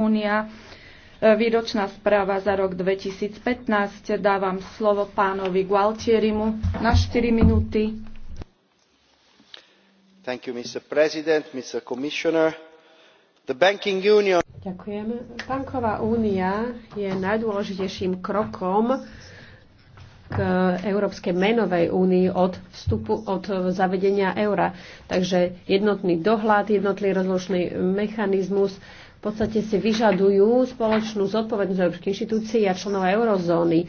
únia. E, výročná správa za rok 2015. Dávam slovo pánovi Gualtierimu na 4 minúty. Thank you, Mr. President, Mr. Commissioner. The banking union... Ďakujem. Banková únia je najdôležitejším krokom k Európskej menovej únii od vstupu, od zavedenia eura. Takže jednotný dohľad, jednotný rozložný mechanizmus, podstate si vyžadujú spoločnú zodpovednosť európskych inštitúcií a členov eurozóny.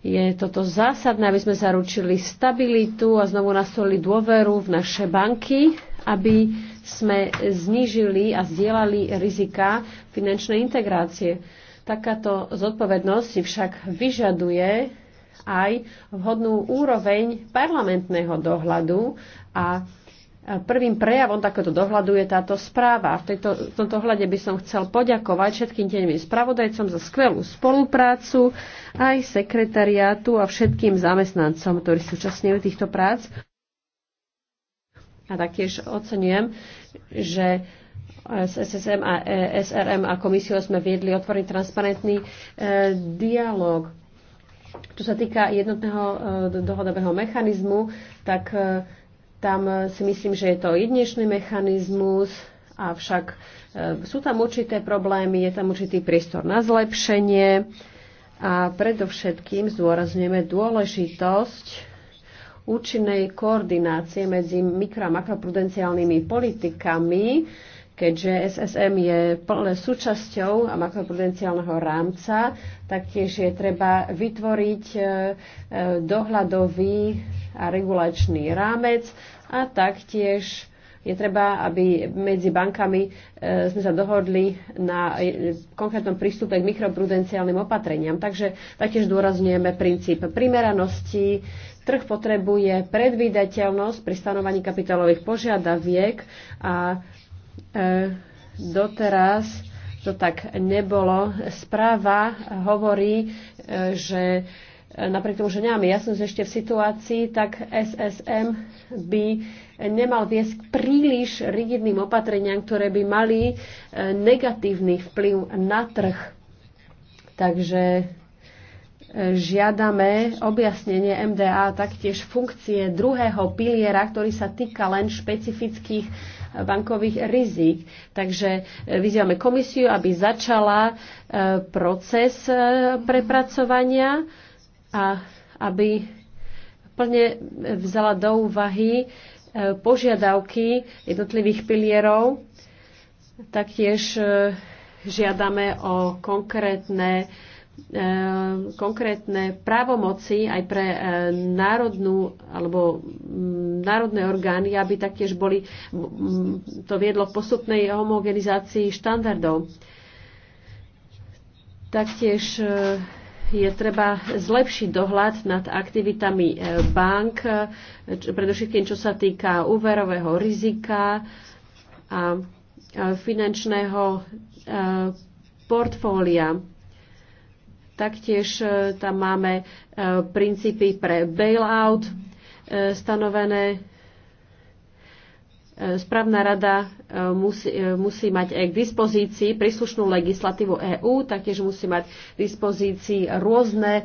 Je toto zásadné, aby sme zaručili stabilitu a znovu nastolili dôveru v naše banky, aby sme znížili a zdieľali rizika finančnej integrácie. Takáto zodpovednosť si však vyžaduje aj vhodnú úroveň parlamentného dohľadu a Prvým prejavom takéto dohľadu je táto správa. V, tejto, v tomto hľade by som chcel poďakovať všetkým tenevým spravodajcom za skvelú spoluprácu, aj sekretariátu a všetkým zamestnancom, ktorí súčasňujú týchto prác. A taktiež ocenujem, že s SSM a e SRM a komisiou sme viedli otvorený transparentný e, dialog. Čo sa týka jednotného e, dohodového mechanizmu, tak tam eh, si myslím, že je to jedinečný mechanizmus, avšak eh, sú tam určité problémy, je tam určitý priestor na zlepšenie a predovšetkým zdôrazňujeme dôležitosť účinnej koordinácie medzi mikro- a makroprudenciálnymi politikami, keďže SSM je plné súčasťou a makroprudenciálneho rámca, taktiež je treba vytvoriť e, e, dohľadový a regulačný rámec a taktiež je treba, aby medzi bankami e, sme sa dohodli na konkrétnom prístupe k mikroprudenciálnym opatreniam. Takže taktiež dôrazňujeme princíp primeranosti. Trh potrebuje predvídateľnosť pri stanovaní kapitálových požiadaviek a E, doteraz to tak nebolo. Správa hovorí, e, že e, napriek tomu, že nemáme jasnosť ešte v situácii, tak SSM by nemal viesť príliš rigidným opatreniam, ktoré by mali negatívny vplyv na trh. Takže žiadame objasnenie MDA taktiež funkcie druhého piliera, ktorý sa týka len špecifických bankových rizik. Takže e, vyzývame komisiu, aby začala e, proces e, prepracovania a aby plne vzala do úvahy požiadavky jednotlivých pilierov. Taktiež žiadame o konkrétne Ehm, konkrétne právomoci aj pre e, národnú alebo mm, národné orgány, aby taktiež boli, to viedlo k postupnej homogenizácii štandardov. Taktiež e, je treba zlepšiť dohľad nad aktivitami e, bank, predovšetkým čo sa týka úverového rizika a finančného portfólia Taktiež e, tam máme e, princípy pre bailout e, stanovené Správna rada e, musí, e, musí mať k dispozícii príslušnú legislatívu EÚ, taktiež musí mať k dispozícii rôzne e,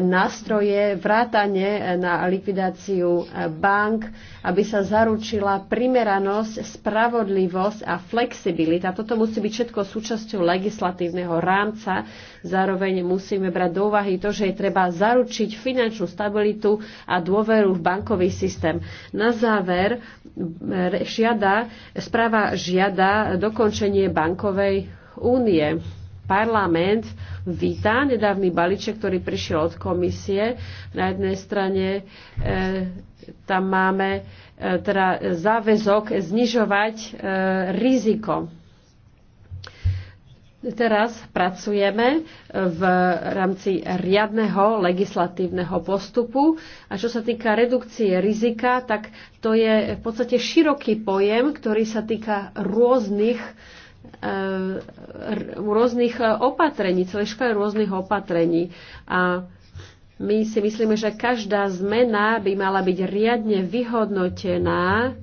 nástroje, vrátane na likvidáciu bank, aby sa zaručila primeranosť, spravodlivosť a flexibilita. Toto musí byť všetko súčasťou legislatívneho rámca. Zároveň musíme brať do úvahy to, že je treba zaručiť finančnú stabilitu a dôveru v bankový systém. Na záver, žiada, správa žiada dokončenie bankovej únie. Parlament víta nedávny balíček, ktorý prišiel od komisie. Na jednej strane e, tam máme e, teda záväzok znižovať e, riziko Teraz pracujeme v rámci riadneho legislatívneho postupu a čo sa týka redukcie rizika, tak to je v podstate široký pojem, ktorý sa týka rôznych eh, rôznych opatrení, celé školy rôznych opatrení. A my si myslíme, že každá zmena by mala byť riadne vyhodnotená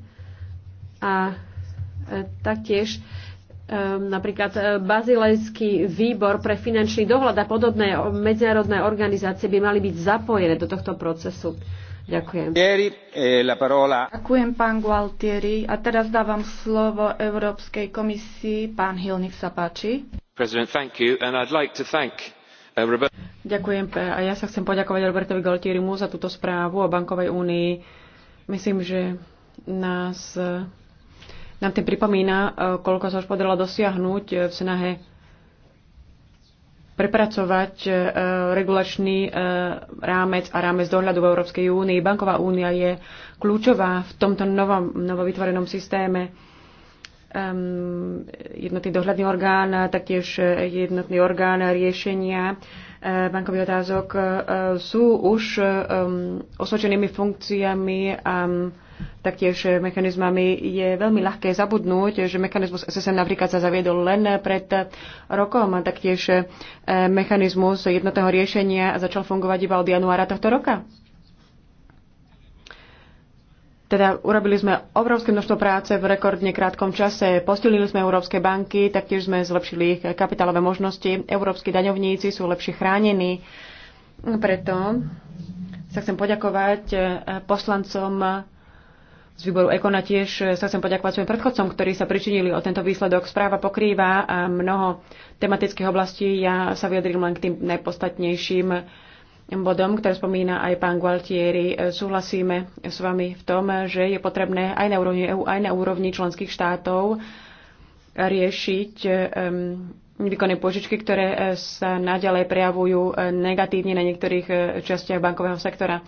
a eh, taktiež Ehm, napríklad e, Bazilejský výbor pre finančný dohľad a podobné medzinárodné organizácie by mali byť zapojené do tohto procesu. Ďakujem. E, Ďakujem, pán Gualtieri. A teraz dávam slovo Európskej komisii. Pán Hill, nech sa páči. Uh, Ďakujem. A ja sa chcem poďakovať Robertovi Gualtierimu za túto správu o bankovej únii. Myslím, že nás nám tým pripomína, e, koľko sa už podarilo dosiahnuť e, v snahe prepracovať e, regulačný rámec a rámec dohľadu v Európskej únii. Banková únia je kľúčová v tomto novom, novovytvorenom systéme. Um, jednotný dohľadný orgán, taktiež jednotný orgán riešenia bankových otázok sú už um, osvedčenými funkciami a um, taktiež mechanizmami, je veľmi ľahké zabudnúť, že mechanizmus SSM napríklad sa zaviedol len pred rokom a taktiež eh, mechanizmus jednotného riešenia začal fungovať iba od januára tohto roka. Teda urobili sme obrovské množstvo práce v rekordne krátkom čase, Postilili sme európske banky, taktiež sme zlepšili ich kapitálové možnosti, európsky daňovníci sú lepšie chránení. Preto sa chcem poďakovať eh, poslancom z výboru Ekona tiež e, sa chcem poďakovať svojim predchodcom, ktorí sa pričinili o tento výsledok. Správa pokrýva mnoho tematických oblastí. Ja sa vyjadrím len k tým najpostatnejším bodom, ktoré spomína aj pán Gualtieri. E, súhlasíme s vami v tom, že je potrebné aj na úrovni EU, aj na úrovni členských štátov riešiť e, výkonné požičky, ktoré sa naďalej prejavujú negatívne na niektorých častiach bankového sektora.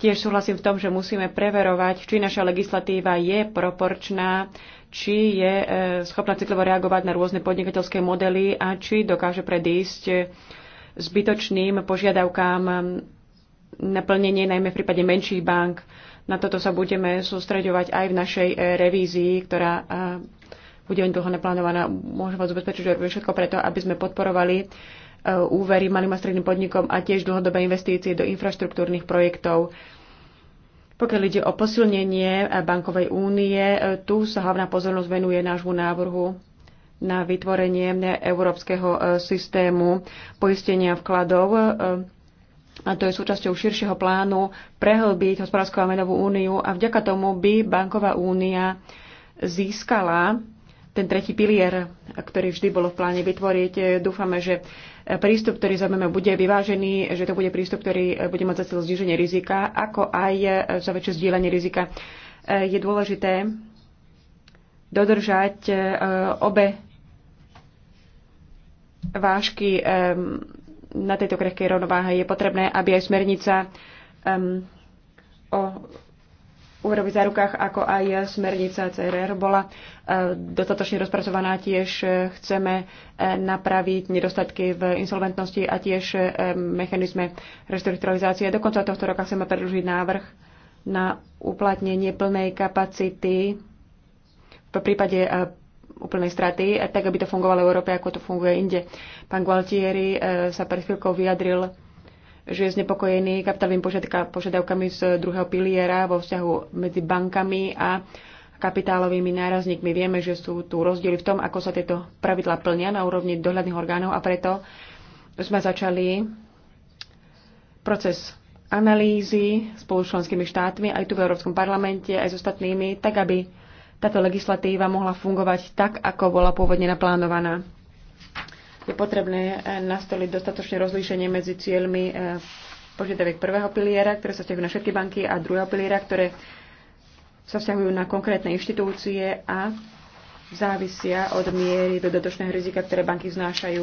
Tiež súhlasím v tom, že musíme preverovať, či naša legislatíva je proporčná, či je e, schopná citlivo reagovať na rôzne podnikateľské modely a či dokáže predísť zbytočným požiadavkám naplnenie, najmä v prípade menších bank. Na toto sa budeme sústreďovať aj v našej e, revízii, ktorá e, bude dlho naplánovaná. Môžem vás ubezpečiť, že robíme všetko preto, aby sme podporovali Eh, úvery malým a stredným podnikom a tiež dlhodobé investície do infraštruktúrnych projektov. Pokiaľ ide o posilnenie eh, bankovej únie, eh, tu sa hlavná pozornosť venuje nášmu návrhu na vytvorenie európskeho systému poistenia vkladov. A to je súčasťou širšieho plánu prehlbiť hospodárskú a menovú úniu a vďaka tomu by banková únia získala ten tretí pilier, ktorý vždy bolo v pláne vytvoriť. Dúfame, že prístup, ktorý zaujmeme, bude vyvážený, že to bude prístup, ktorý eh, bude mať za cieľ zníženie rizika, ako aj eh, za väčšie zdieľanie rizika. Eh, je dôležité dodržať obe vážky ehm, na tejto krehkej rovnováhe. Je potrebné, aby aj smernica ehm, o úrovy za rukách, ako aj smernica CRR bola e, dostatočne rozpracovaná. Tiež e, chceme e, napraviť nedostatky v insolventnosti a tiež mechanizme restrukturalizácie. Do konca tohto roka chceme predlžiť návrh na uplatnenie plnej kapacity v prípade úplnej straty, tak aby to fungovalo v Európe, ako to funguje inde. Pán Gualtieri sa pred chvíľkou vyjadril že je znepokojený kapitálovými požiadavkami z druhého piliera vo vzťahu medzi bankami a kapitálovými nárazníkmi. Vieme, že sú tu rozdiely v tom, ako sa tieto pravidla plnia na úrovni dohľadných orgánov a preto sme začali proces analýzy spolu s členskými štátmi aj tu v Európskom parlamente, aj s ostatnými, tak aby táto legislatíva mohla fungovať tak, ako bola pôvodne naplánovaná je potrebné eh, nastoliť dostatočné rozlíšenie medzi cieľmi eh, požiadaviek prvého piliera, ktoré sa vzťahujú na všetky banky, a druhého piliera, ktoré sa vzťahujú na konkrétne inštitúcie a závisia od miery dodatočného rizika, ktoré banky vznášajú.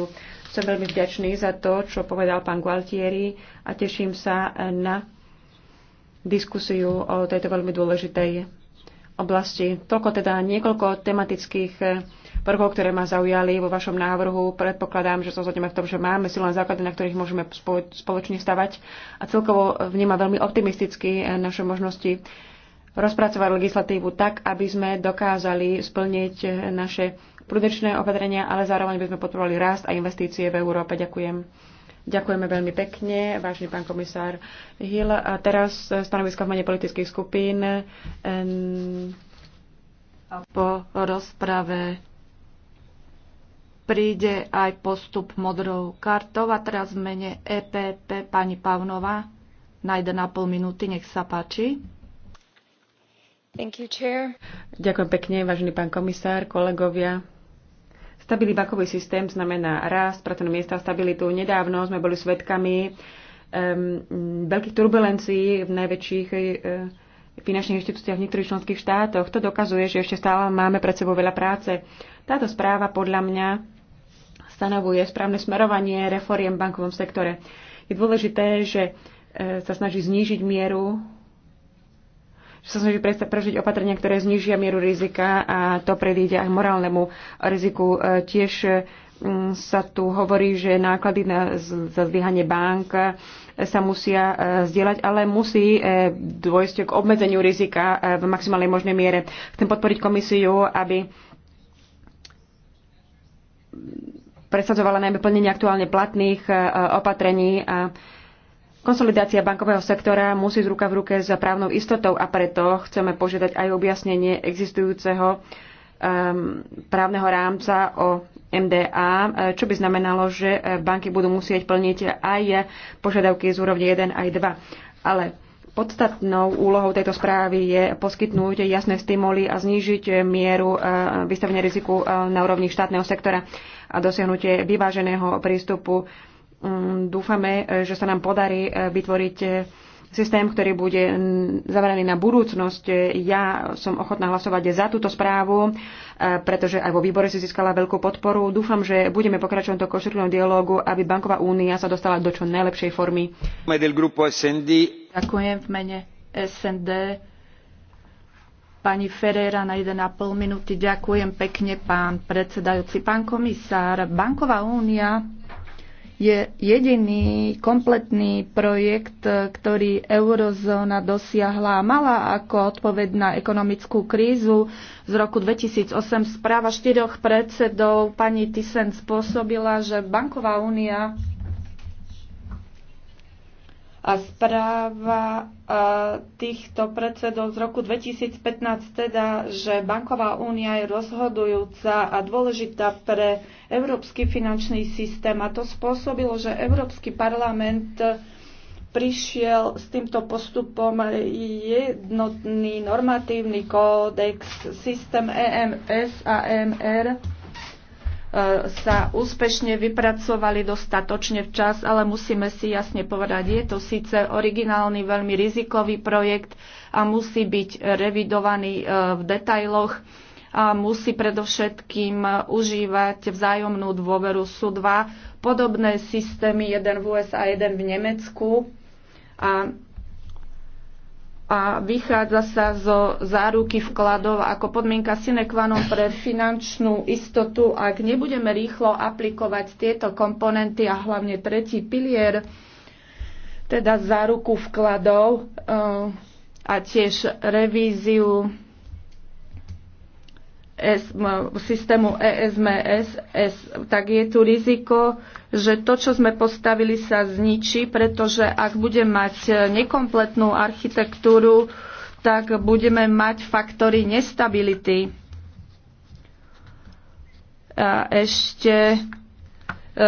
Som veľmi vďačný za to, čo povedal pán Gualtieri a teším sa eh, na diskusiu o tejto veľmi dôležitej oblasti. Toľko teda niekoľko tematických prvkov, ktoré ma zaujali vo vašom návrhu. Predpokladám, že sa zhodneme v tom, že máme silné základy, na ktorých môžeme spoločne stavať a celkovo vníma veľmi optimisticky eh, naše možnosti rozpracovať legislatívu tak, aby sme dokázali splniť eh, naše prudečné opatrenia, ale zároveň by sme podporovali rast a investície v Európe. Ďakujem. Ďakujeme veľmi pekne, vážny pán komisár Hill. A teraz eh, stanoviska v mene politických skupín. Po rozprave príde aj postup modrou kartou a teraz mene EPP pani Pavnova na 1,5 minúty, nech sa páči. Thank you, chair. Ďakujem pekne, vážený pán komisár, kolegovia. Stabilný bankový systém znamená rast, pracovné miesta, stabilitu. Nedávno sme boli svedkami um, veľkých turbulencií v najväčších uh, finančných inštitúciách v niektorých členských štátoch. To dokazuje, že ešte stále máme pred sebou veľa práce. Táto správa podľa mňa stanovuje správne smerovanie reforiem v bankovom sektore. Je dôležité, že e, sa snaží znížiť mieru že sa snaží prežiť opatrenia, ktoré znižia mieru rizika a to predíde aj morálnemu riziku. E, tiež e, sa tu hovorí, že náklady na, za zlyhanie bank sa musia zdieľať, ale musí dôjsť k obmedzeniu rizika v maximálnej možnej miere. Chcem podporiť komisiu, aby presadzovala najmä plnenie aktuálne platných e, opatrení a Konsolidácia bankového sektora musí z ruka v ruke s právnou istotou a preto chceme požiadať aj objasnenie existujúceho um, právneho rámca o MDA, e, čo by znamenalo, že e, banky budú musieť plniť aj požiadavky z úrovne 1 aj 2. Ale podstatnou úlohou tejto správy je poskytnúť jasné stimuly a znížiť mieru vystavenia riziku na úrovni štátneho sektora a dosiahnutie vyváženého prístupu. Mm, dúfame, e, že sa nám podarí e, vytvoriť e, systém, ktorý bude zameraný na budúcnosť. Ja som ochotná hlasovať za túto správu, pretože aj vo výbore si získala veľkú podporu. Dúfam, že budeme pokračovať do konštruktívnom dialógu, aby Banková únia sa dostala do čo najlepšej formy. Ďakujem v mene SND pani Ferreira na 1,5 minúty. Ďakujem pekne, pán predsedajúci. Pán komisár, Banková únia je jediný kompletný projekt, ktorý eurozóna dosiahla a mala ako odpoveď na ekonomickú krízu z roku 2008. Správa štyroch predsedov pani Thyssen spôsobila, že Banková únia a správa týchto predsedov z roku 2015 teda, že banková únia je rozhodujúca a dôležitá pre európsky finančný systém. A to spôsobilo, že Európsky parlament prišiel s týmto postupom jednotný normatívny kódex, systém EMS a EMR E, sa úspešne vypracovali dostatočne včas, ale musíme si jasne povedať, je to síce originálny, veľmi rizikový projekt a musí byť revidovaný e, v detailoch a musí predovšetkým užívať vzájomnú dôveru. Sú dva podobné systémy, jeden v USA a jeden v Nemecku. A a vychádza sa zo záruky vkladov ako podmienka sine qua non pre finančnú istotu. Ak nebudeme rýchlo aplikovať tieto komponenty a hlavne tretí pilier, teda záruku vkladov eh, a tiež revíziu E S systému ESMS, tak je tu riziko, že to, čo sme postavili, sa zničí, pretože ak bude mať e, nekompletnú architektúru, tak budeme mať faktory nestability. A ešte e,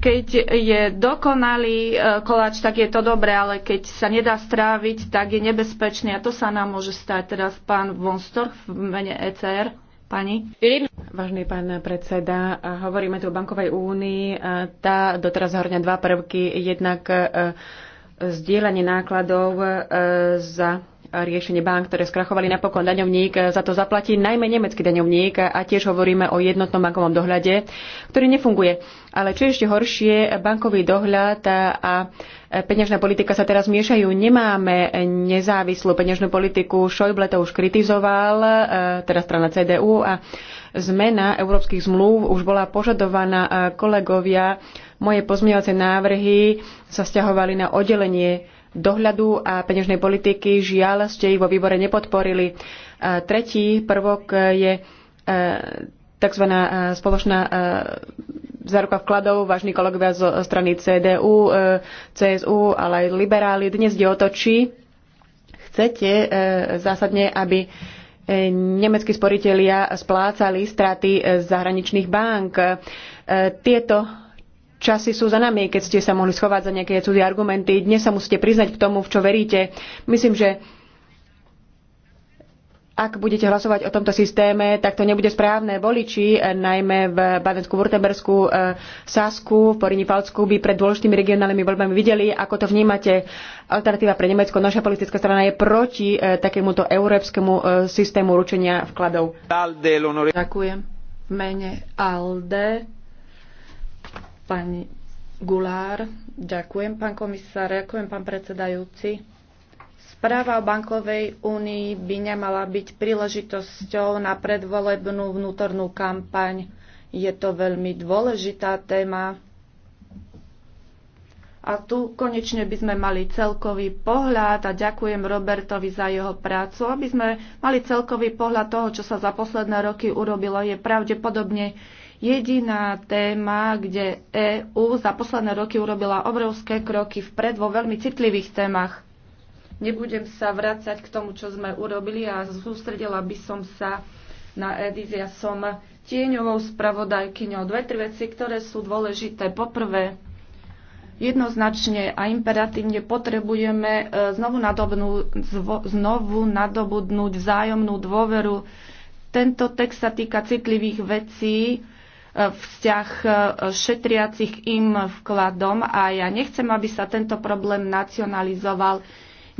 keď je dokonalý koláč, tak je to dobré, ale keď sa nedá stráviť, tak je nebezpečný a to sa nám môže stať. Teraz pán Vonstor v mene ECR. Pani? Vážny pán predseda, hovoríme tu o bankovej únii. Tá doteraz zahrňa dva prvky. Jednak e, zdieľanie nákladov e, za riešenie bank, ktoré skrachovali napokon daňovník, e, za to zaplatí najmä nemecký daňovník a tiež hovoríme o jednotnom bankovom dohľade, ktorý nefunguje. Ale čo je ešte horšie, bankový dohľad a peňažná politika sa teraz miešajú. Nemáme nezávislú peňažnú politiku. Šojble to už kritizoval, teda strana CDU a zmena európskych zmluv už bola požadovaná. E, kolegovia, moje pozmeňovacie návrhy sa stiahovali na oddelenie dohľadu a peňažnej politiky. Žiaľ, ste ich vo výbore nepodporili. E, tretí prvok je tzv. spoločná záruka vkladov, vážni kolegovia zo strany CDU, e, CSU, ale aj liberáli. Dnes je o to, či chcete e, zásadne, aby e, nemeckí sporitelia splácali straty z zahraničných bank. Tieto časy sú za nami, keď ste sa mohli schovať za nejaké cudzie argumenty. Dnes sa musíte priznať k tomu, v čo veríte. Myslím, že ak budete hlasovať o tomto systéme, tak to nebude správne. Voliči, eh, najmä v Badensku, Württembersku, eh, Sasku, v Porini Falsku by pred dôležitými regionálnymi voľbami videli, ako to vnímate. Alternatíva pre Nemecko, naša politická strana je proti eh, takémuto európskemu systému ručenia vkladov. Ďakujem. V mene ALDE pani Gulár. Ďakujem, pán komisár. Ďakujem, pán predsedajúci. Správa o bankovej únii by nemala byť príležitosťou na predvolebnú vnútornú kampaň. Je to veľmi dôležitá téma. A tu konečne by sme mali celkový pohľad a ďakujem Robertovi za jeho prácu, aby sme mali celkový pohľad toho, čo sa za posledné roky urobilo. Je pravdepodobne jediná téma, kde EÚ za posledné roky urobila obrovské kroky vpred vo veľmi citlivých témach. Nebudem sa vrácať k tomu, čo sme urobili a sústredila by som sa na Edith. Ja som tieňovou spravodajkyňou. Dve, tri veci, ktoré sú dôležité. Poprvé, jednoznačne a imperatívne potrebujeme e, znovu, nadobnú, znovu nadobudnúť vzájomnú dôveru. Tento text sa týka citlivých vecí, e, vzťah e, šetriacich im vkladom a ja nechcem, aby sa tento problém nacionalizoval.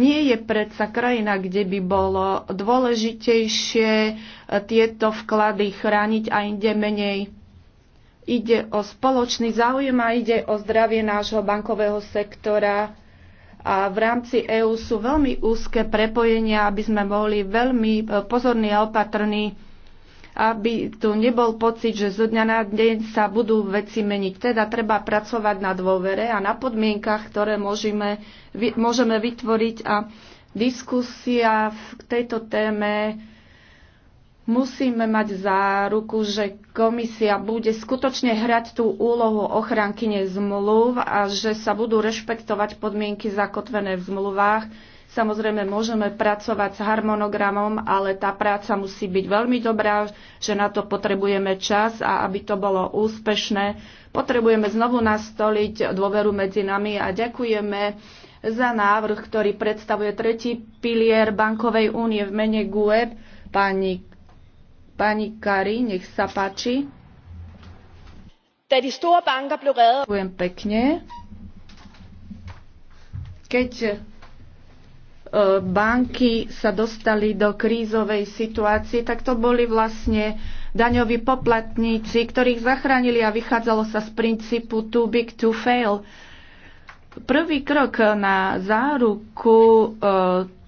Nie je predsa krajina, kde by bolo dôležitejšie e, tieto vklady chrániť a inde menej. Ide o spoločný záujem a ide o zdravie nášho bankového sektora a v rámci EÚ sú veľmi úzke prepojenia, aby sme boli veľmi e, pozorní a opatrní aby tu nebol pocit, že zo dňa na deň sa budú veci meniť. Teda treba pracovať na dôvere a na podmienkach, ktoré môžeme, môžeme vytvoriť a diskusia v tejto téme musíme mať za ruku, že komisia bude skutočne hrať tú úlohu ochrankyne zmluv a že sa budú rešpektovať podmienky zakotvené v zmluvách, Samozrejme, môžeme pracovať s harmonogramom, ale tá práca musí byť veľmi dobrá, že na to potrebujeme čas a aby to bolo úspešné, potrebujeme znovu nastoliť dôveru medzi nami a ďakujeme za návrh, ktorý predstavuje tretí pilier Bankovej únie v mene GUE. Pani, pani Kari, nech sa páči. Ďakujem pekne. Keď E, banky sa dostali do krízovej situácie, tak to boli vlastne daňoví poplatníci, ktorých zachránili a vychádzalo sa z princípu too big to fail. Prvý krok na záruku e,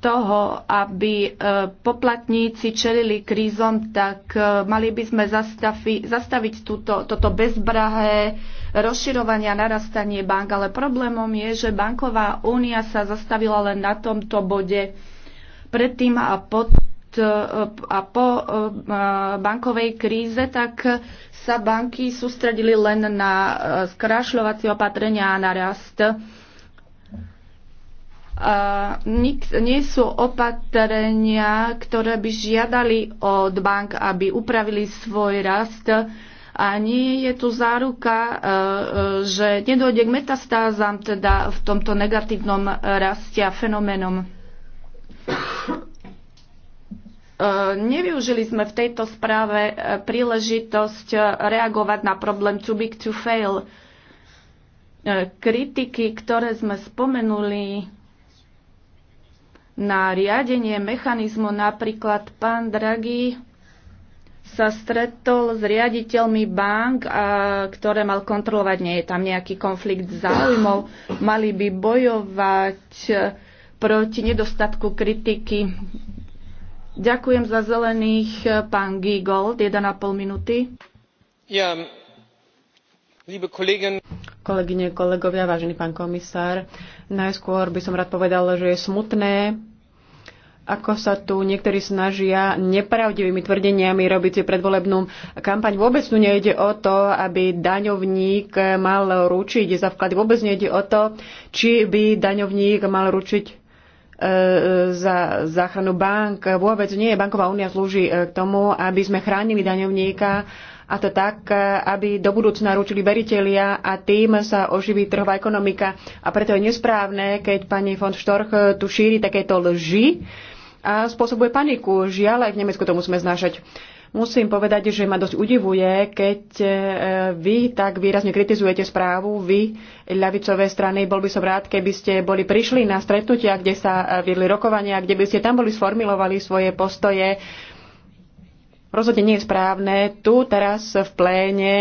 toho, aby e, poplatníci čelili krízom, tak e, mali by sme zastavi, zastaviť túto, toto bezbrahé rozširovanie a narastanie bank. Ale problémom je, že banková únia sa zastavila len na tomto bode predtým a pod, a po bankovej kríze, tak sa banky sústredili len na e, skrášľovacie opatrenia a na rast. E, nie sú opatrenia, ktoré by žiadali od bank, aby upravili svoj rast a nie je tu záruka, e, že nedôjde k metastázam, teda v tomto negatívnom a fenoménom. E, nevyužili sme v tejto správe e, príležitosť e, reagovať na problém too big to fail. Kritiky, ktoré sme spomenuli na riadenie mechanizmu, napríklad pán Draghi sa stretol s riaditeľmi bank, ktoré mal kontrolovať. Nie je tam nejaký konflikt záujmov. Mali by bojovať proti nedostatku kritiky Ďakujem za zelených, eh, pán Giegold, 1,5 minúty. Ja, liebe Kollegin... Kolegyne, kolegovia, vážený pán komisár, najskôr by som rád povedal, že je smutné, ako sa tu niektorí snažia nepravdivými tvrdeniami robiť si predvolebnú kampaň. Vôbec tu nejde o to, aby daňovník mal ručiť za vklady. Vôbec nejde o to, či by daňovník mal ručiť E, za záchranu bank. Vôbec nie. je, Banková únia slúži e, k tomu, aby sme chránili daňovníka a to tak, e, aby do budúcna ručili veritelia a tým sa oživí trhová ekonomika. A preto je nesprávne, keď pani von Storch tu šíri takéto lži a spôsobuje paniku. Žiaľ, aj v Nemecku to musíme znášať. Musím povedať, že ma dosť udivuje, keď e, vy tak výrazne kritizujete správu, vy ľavicové strany. Bol by som rád, keby ste boli prišli na stretnutia, kde sa e, viedli rokovania, kde by ste tam boli sformilovali svoje postoje. Rozhodne nie je správne tu teraz v pléne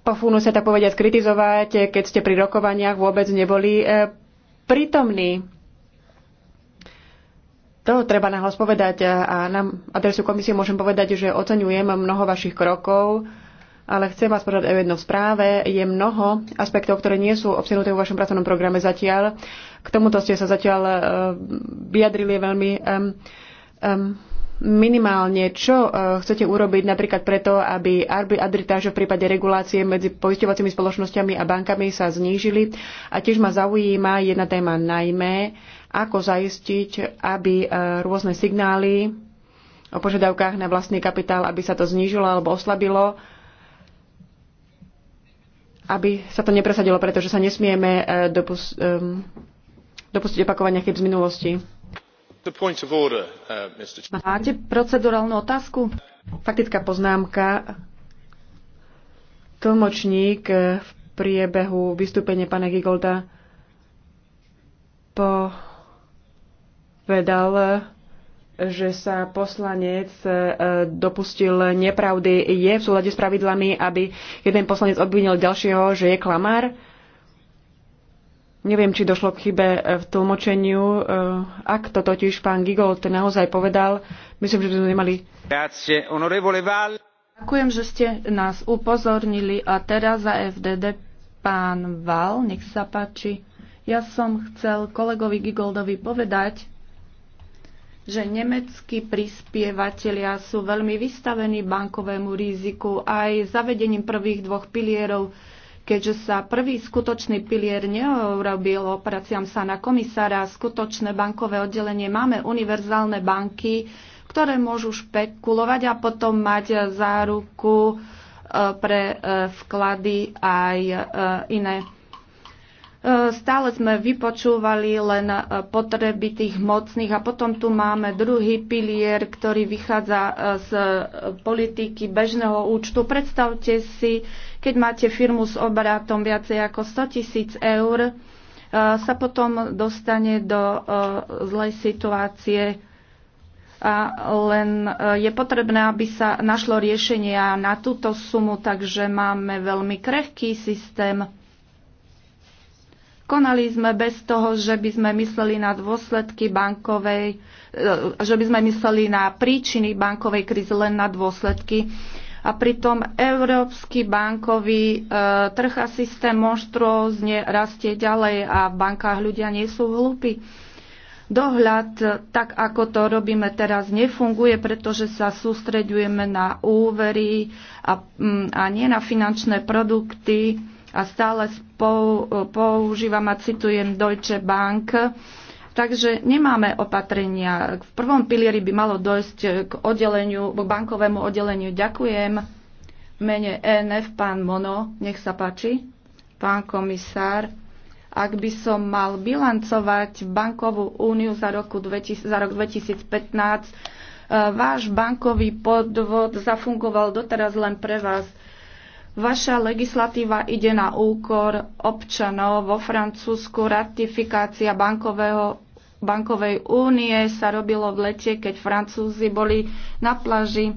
pofúnu sa tak povedať kritizovať, keď ste pri rokovaniach vôbec neboli e, prítomní. To treba nahlas povedať eh, a na adresu komisie môžem povedať, že oceňujem mnoho vašich krokov, ale chcem vás požiadať o jedno v správe. Je mnoho aspektov, ktoré nie sú obsiahnuté vo vašom pracovnom programe zatiaľ. K tomuto ste sa zatiaľ eh, vyjadrili veľmi um, um, minimálne, čo eh, chcete urobiť napríklad preto, aby arbitráže v prípade regulácie medzi poisťovacími spoločnosťami a bankami sa znížili. A tiež ma zaujíma jedna téma najmä, ako zaistiť, aby e, rôzne signály o požiadavkách na vlastný kapitál, aby sa to znížilo alebo oslabilo, aby sa to nepresadilo, pretože sa nesmieme e, dopus- dopustiť opakovania chyb z minulosti. Uh, Máte procedurálnu otázku? Faktická poznámka. Tlmočník e, v priebehu vystúpenia pána Gigolda po povedal, že sa poslanec e, dopustil nepravdy. Je v súlade s pravidlami, aby jeden poslanec obvinil ďalšieho, že je klamár? Neviem, či došlo k chybe e, v tlmočeniu. E, ak to totiž pán Gigol to naozaj povedal, myslím, že by sme nemali. Ďakujem, že ste nás upozornili. A teraz za FDD pán Val, nech sa páči. Ja som chcel kolegovi Gigoldovi povedať, že nemeckí prispievateľia sú veľmi vystavení bankovému riziku aj zavedením prvých dvoch pilierov, keďže sa prvý skutočný pilier neurobil, opraciam sa na komisára, skutočné bankové oddelenie, máme univerzálne banky, ktoré môžu špekulovať a potom mať záruku e, pre e, vklady aj e, iné E, stále sme vypočúvali len e, potreby tých mocných a potom tu máme druhý pilier, ktorý vychádza e, z politiky bežného účtu. Predstavte si, keď máte firmu s obratom viacej ako 100 tisíc eur, sa potom dostane do zlej situácie a len je potrebné, aby sa našlo riešenie na túto sumu, takže máme veľmi krehký systém Konali sme bez toho, že by sme mysleli na dôsledky bankovej, e, že by sme mysleli na príčiny bankovej krízy, len na dôsledky. A pritom európsky bankový e, trh a systém monštruózne rastie ďalej a v bankách ľudia nie sú hlúpi. Dohľad, tak ako to robíme teraz, nefunguje, pretože sa sústreďujeme na úvery a, mm, a nie na finančné produkty a stále používam a citujem Deutsche Bank. Takže nemáme opatrenia. V prvom pilieri by malo dojsť k oddeleniu, k bankovému oddeleniu. Ďakujem. V mene ENF pán Mono, nech sa páči. Pán komisár, ak by som mal bilancovať bankovú úniu za, roku 2000, za rok 2015, e, váš bankový podvod zafungoval doteraz len pre vás Vaša legislatíva ide na úkor občanov. Vo Francúzsku ratifikácia bankového, bankovej únie sa robilo v lete, keď Francúzi boli na plaži.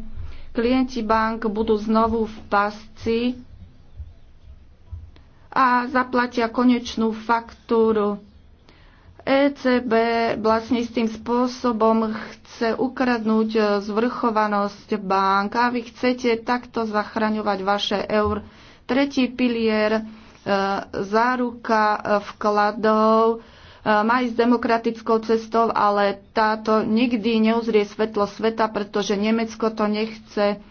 Klienti bank budú znovu v pasci a zaplatia konečnú faktúru ECB vlastne s tým spôsobom chce ukradnúť e, zvrchovanosť bank a vy chcete takto zachraňovať vaše eur. Tretí pilier, e, záruka e, vkladov, má ísť demokratickou cestou, ale táto nikdy neuzrie svetlo sveta, pretože Nemecko to nechce.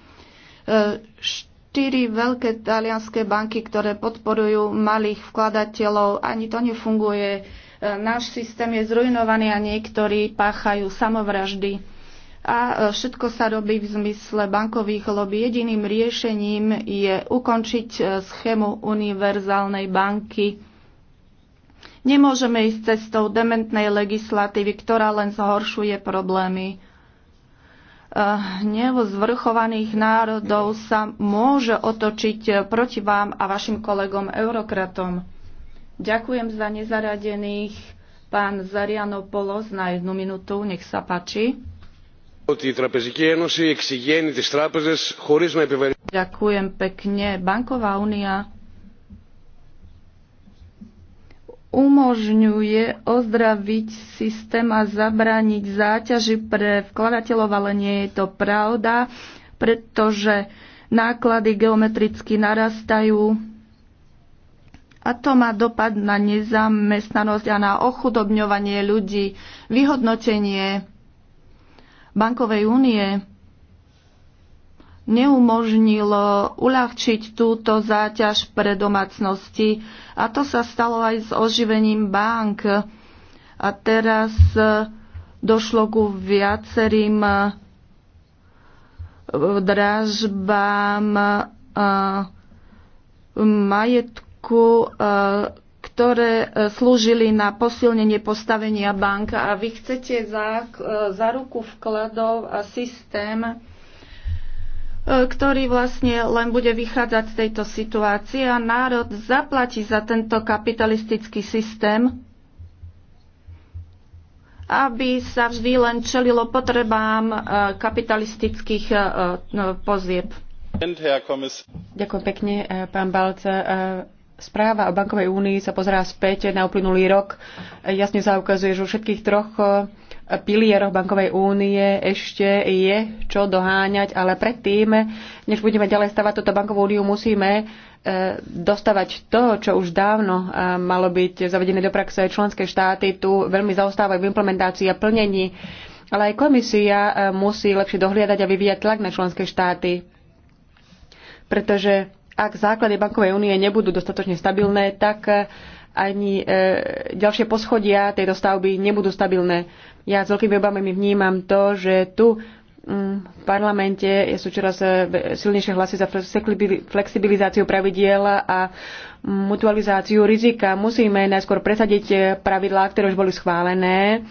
Štyri veľké talianské banky, ktoré podporujú malých vkladateľov, ani to nefunguje náš systém je zrujnovaný a niektorí páchajú samovraždy. A e, všetko sa robí v zmysle bankových lobby. Jediným riešením je ukončiť e, schému univerzálnej banky. Nemôžeme ísť cestou dementnej legislatívy, ktorá len zhoršuje problémy. E, Hnevo zvrchovaných národov sa môže otočiť proti vám a vašim kolegom eurokratom. Ďakujem za nezaradených. Pán Zariano Polos na jednu minútu, nech sa páči. Ďakujem pekne. Banková únia umožňuje ozdraviť systém a zabrániť záťaži pre vkladateľov, ale nie je to pravda, pretože náklady geometricky narastajú a to má dopad na nezamestnanosť a na ochudobňovanie ľudí, vyhodnotenie bankovej únie neumožnilo uľahčiť túto záťaž pre domácnosti. A to sa stalo aj s oživením bank. A teraz e, došlo ku viacerým e, e, dražbám majetku ku e, ktoré e, slúžili na posilnenie postavenia bank a vy chcete za, e, za ruku vkladov a systém, ktorý vlastne len bude vychádzať z tejto situácie a národ zaplatí za tento kapitalistický systém, aby sa vždy len čelilo potrebám kapitalistických no, pozieb. Ďakujem pekne, pán Balca správa o bankovej únii sa pozerá späť na uplynulý rok, jasne sa ukazuje, že vo všetkých troch e, pilieroch bankovej únie ešte je čo doháňať, ale predtým, než budeme ďalej stavať túto bankovú úniu, musíme e, dostavať to, čo už dávno e, malo byť zavedené do praxe. Členské štáty tu veľmi zaostávajú v implementácii a plnení, ale aj komisia musí lepšie dohliadať a vyvíjať tlak na členské štáty, pretože ak základy bankovej únie nebudú dostatočne stabilné, tak eh, ani eh, ďalšie poschodia tejto stavby nebudú stabilné. Ja s veľkými obavami vnímam to, že tu mm, v parlamente sú čoraz eh, silnejšie hlasy za flexibilizáciu pravidiel a mutualizáciu rizika. Musíme najskôr presadiť pravidlá, ktoré už boli schválené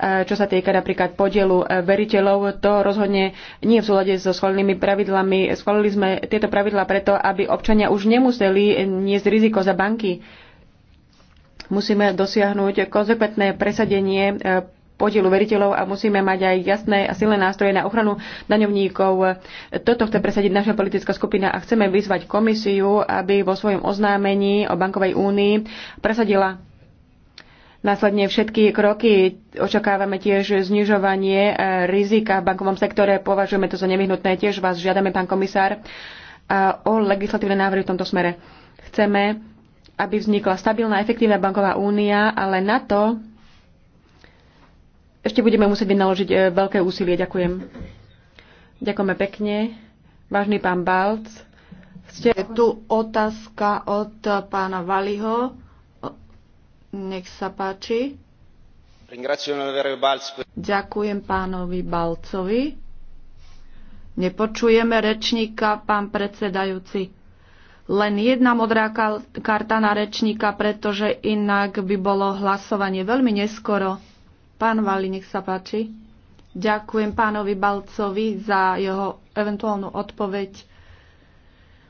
E, čo sa týka napríklad podielu e, veriteľov, to rozhodne nie je v súlade so schválenými pravidlami. Schválili sme tieto pravidlá preto, aby občania už nemuseli niesť riziko za banky. Musíme dosiahnuť konzekventné presadenie e, podielu veriteľov a musíme mať aj jasné a silné nástroje na ochranu daňovníkov. Toto chce presadiť naša politická skupina a chceme vyzvať komisiu, aby vo svojom oznámení o bankovej únii presadila Následne všetky kroky očakávame tiež znižovanie eh, rizika v bankovom sektore. Považujeme to za nevyhnutné. Tiež vás žiadame, pán komisár, eh, o legislatívne návrhy v tomto smere. Chceme, aby vznikla stabilná, efektívna banková únia, ale na to ešte budeme musieť vynaložiť eh, veľké úsilie. Ďakujem. Ďakujeme pekne. Vážny pán Balc. Je tu otázka od pána Valiho nech sa páči. Ďakujem pánovi Balcovi. Nepočujeme rečníka, pán predsedajúci. Len jedna modrá karta na rečníka, pretože inak by bolo hlasovanie veľmi neskoro. Pán Vali, nech sa páči. Ďakujem pánovi Balcovi za jeho eventuálnu odpoveď.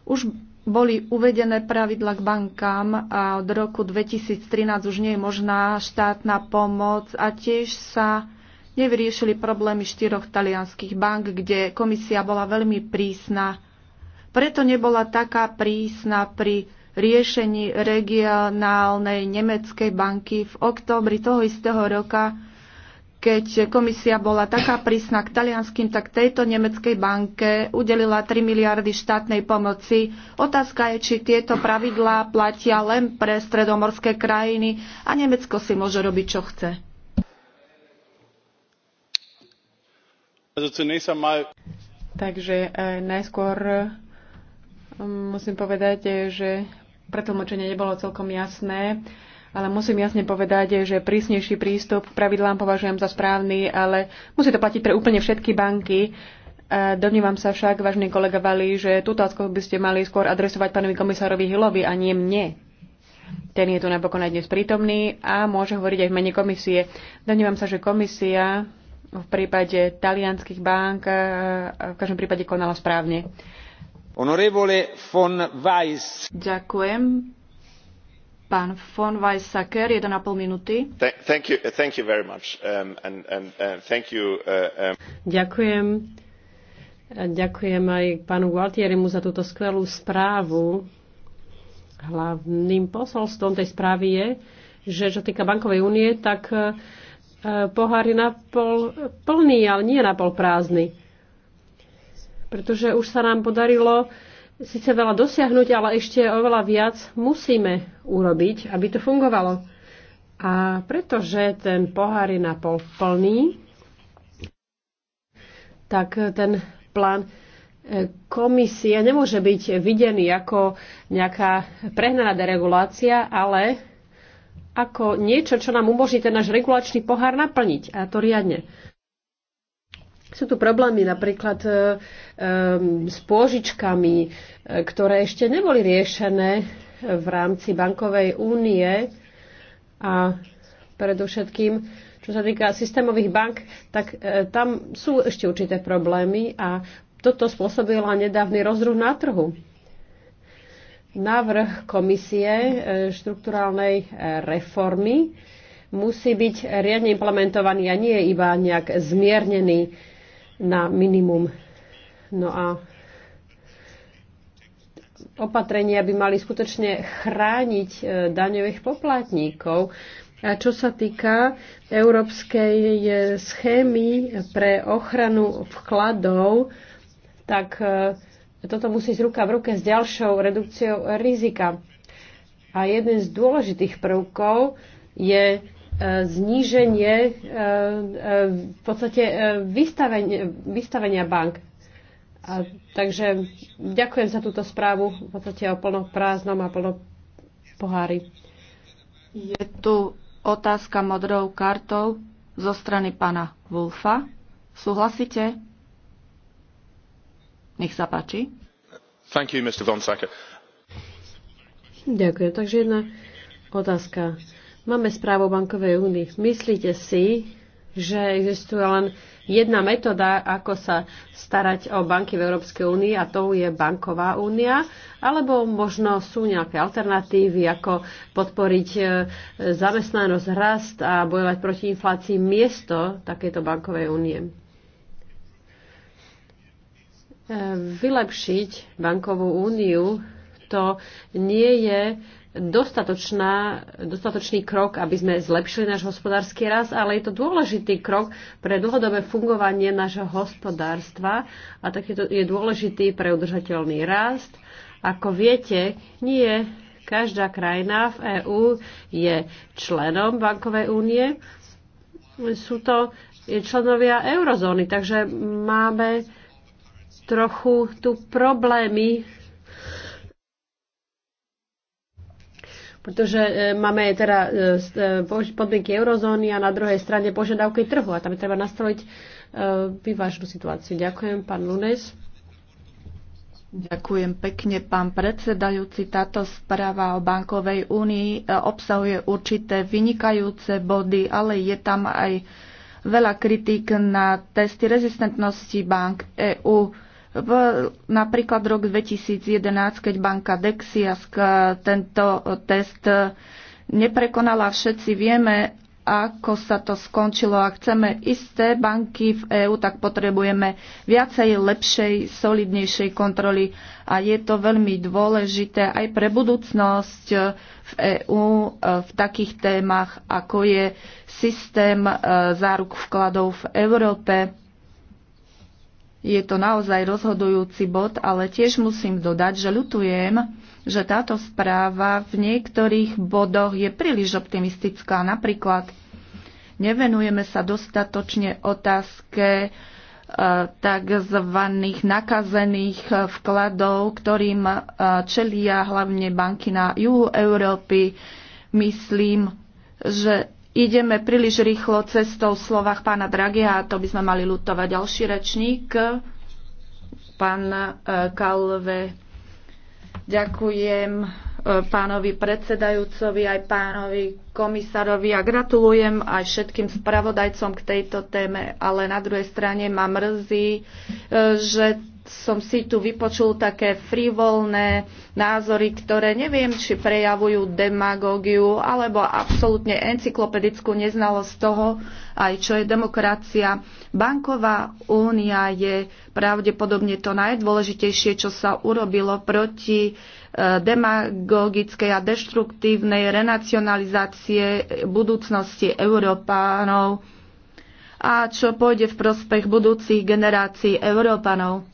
Už boli uvedené pravidla k bankám a od roku 2013 už nie je možná štátna pomoc a tiež sa nevyriešili problémy štyroch talianských bank, kde komisia bola veľmi prísna. Preto nebola taká prísna pri riešení regionálnej nemeckej banky v októbri toho istého roka keď komisia bola taká prísna k talianským, tak tejto nemeckej banke udelila 3 miliardy štátnej pomoci. Otázka je, či tieto pravidlá platia len pre stredomorské krajiny a Nemecko si môže robiť, čo chce. Takže eh, najskôr mm, musím povedať, eh, že pretlmočenie nebolo celkom jasné. Eh, ale musím jasne povedať, že prísnejší prístup k pravidlám považujem za správny, ale musí to platiť pre úplne všetky banky. E, domnívam sa však, vážny kolega Vali, že túto otázku by ste mali skôr adresovať pánovi komisárovi Hillovi a nie mne. Ten je tu napokon aj dnes prítomný a môže hovoriť aj v mene komisie. Domnívam sa, že komisia v prípade talianských bank e, v každom prípade konala správne. Honorevole von Weiss. Ďakujem Pán von 1,5 minúty. Ďakujem. Ďakujem aj pánu Gualtierimu za túto skvelú správu. Hlavným posolstvom tej správy je, že čo týka bankovej únie, tak uh, pohár je napol plný, ale nie napol prázdny. Pretože už sa nám podarilo síce veľa dosiahnuť, ale ešte oveľa viac musíme urobiť, aby to fungovalo. A pretože ten pohár je na pol plný, tak ten plán e, komisie nemôže byť videný ako nejaká prehnaná deregulácia, ale ako niečo, čo nám umožní ten náš regulačný pohár naplniť a to riadne. Sú tu problémy napríklad um, s pôžičkami, e, ktoré ešte neboli riešené v rámci bankovej únie a predovšetkým, čo sa týka systémových bank, tak e, tam sú ešte určité problémy a toto spôsobila nedávny rozruch na trhu. Návrh komisie e, štruktúrálnej reformy musí byť riadne implementovaný a nie iba nejak zmiernený na minimum. No a opatrenia by mali skutočne chrániť e, daňových poplatníkov. A čo sa týka európskej e, schémy pre ochranu vkladov, tak e, toto musí ísť ruka v ruke s ďalšou redukciou rizika. A jeden z dôležitých prvkov je E, zníženie e, e, v podstate vystavenia, vystavenia bank. A, takže ďakujem za túto správu v podstate o plno prázdnom a plno pohári. Je tu otázka modrou kartou zo strany pána Wolfa. Súhlasíte? Nech sa páči. Thank you, Mr. Von Ďakujem. Takže jedna otázka. Máme správu Bankovej únie. Myslíte si, že existuje len jedna metóda, ako sa starať o banky v Európskej únii a to je banková únia, alebo možno sú nejaké alternatívy, ako podporiť e, zamestnanosť, rast a bojovať proti inflácii miesto takéto bankovej únie. E, vylepšiť bankovú úniu to nie je dostatočná, dostatočný krok, aby sme zlepšili náš hospodársky rast, ale je to dôležitý krok pre dlhodobé fungovanie nášho hospodárstva a takýto je dôležitý pre udržateľný rast. Ako viete, nie každá krajina v EÚ je členom bankovej únie. Sú to členovia eurozóny, takže máme trochu tu problémy pretože e, máme teda e, e, podmienky eurozóny a na druhej strane požiadavky trhu a tam je treba nastaviť vyváženú situáciu. Ďakujem, pán Lunes. Ďakujem pekne, pán predsedajúci. Táto správa o bankovej únii obsahuje určité vynikajúce body, ale je tam aj veľa kritík na testy rezistentnosti bank EÚ v, napríklad rok 2011, keď banka Dexiask eh, tento eh, test eh, neprekonala, všetci vieme, ako sa to skončilo. Ak chceme isté banky v EÚ, tak potrebujeme viacej lepšej, solidnejšej kontroly a je to veľmi dôležité aj pre budúcnosť v EÚ v takých témach, ako je systém záruk vkladov v Európe. Je to naozaj rozhodujúci bod, ale tiež musím dodať, že ľutujem, že táto správa v niektorých bodoch je príliš optimistická. Napríklad nevenujeme sa dostatočne otázke e, tzv. nakazených vkladov, ktorým e, čelia hlavne banky na juhu Európy. Myslím, že ideme príliš rýchlo cestou v slovách pána Dragia a to by sme mali lutovať. Ďalší rečník, pán eh, Kalve. Ďakujem pánovi predsedajúcovi, aj pánovi komisárovi a gratulujem aj všetkým spravodajcom k tejto téme, ale na druhej strane ma mrzí, e, že som si tu vypočul také frivolné názory, ktoré neviem, či prejavujú demagógiu alebo absolútne encyklopedickú neznalosť toho, aj čo je demokracia. Banková únia je pravdepodobne to najdôležitejšie, čo sa urobilo proti demagogickej a deštruktívnej renacionalizácie budúcnosti Európanov a čo pôjde v prospech budúcich generácií Európanov.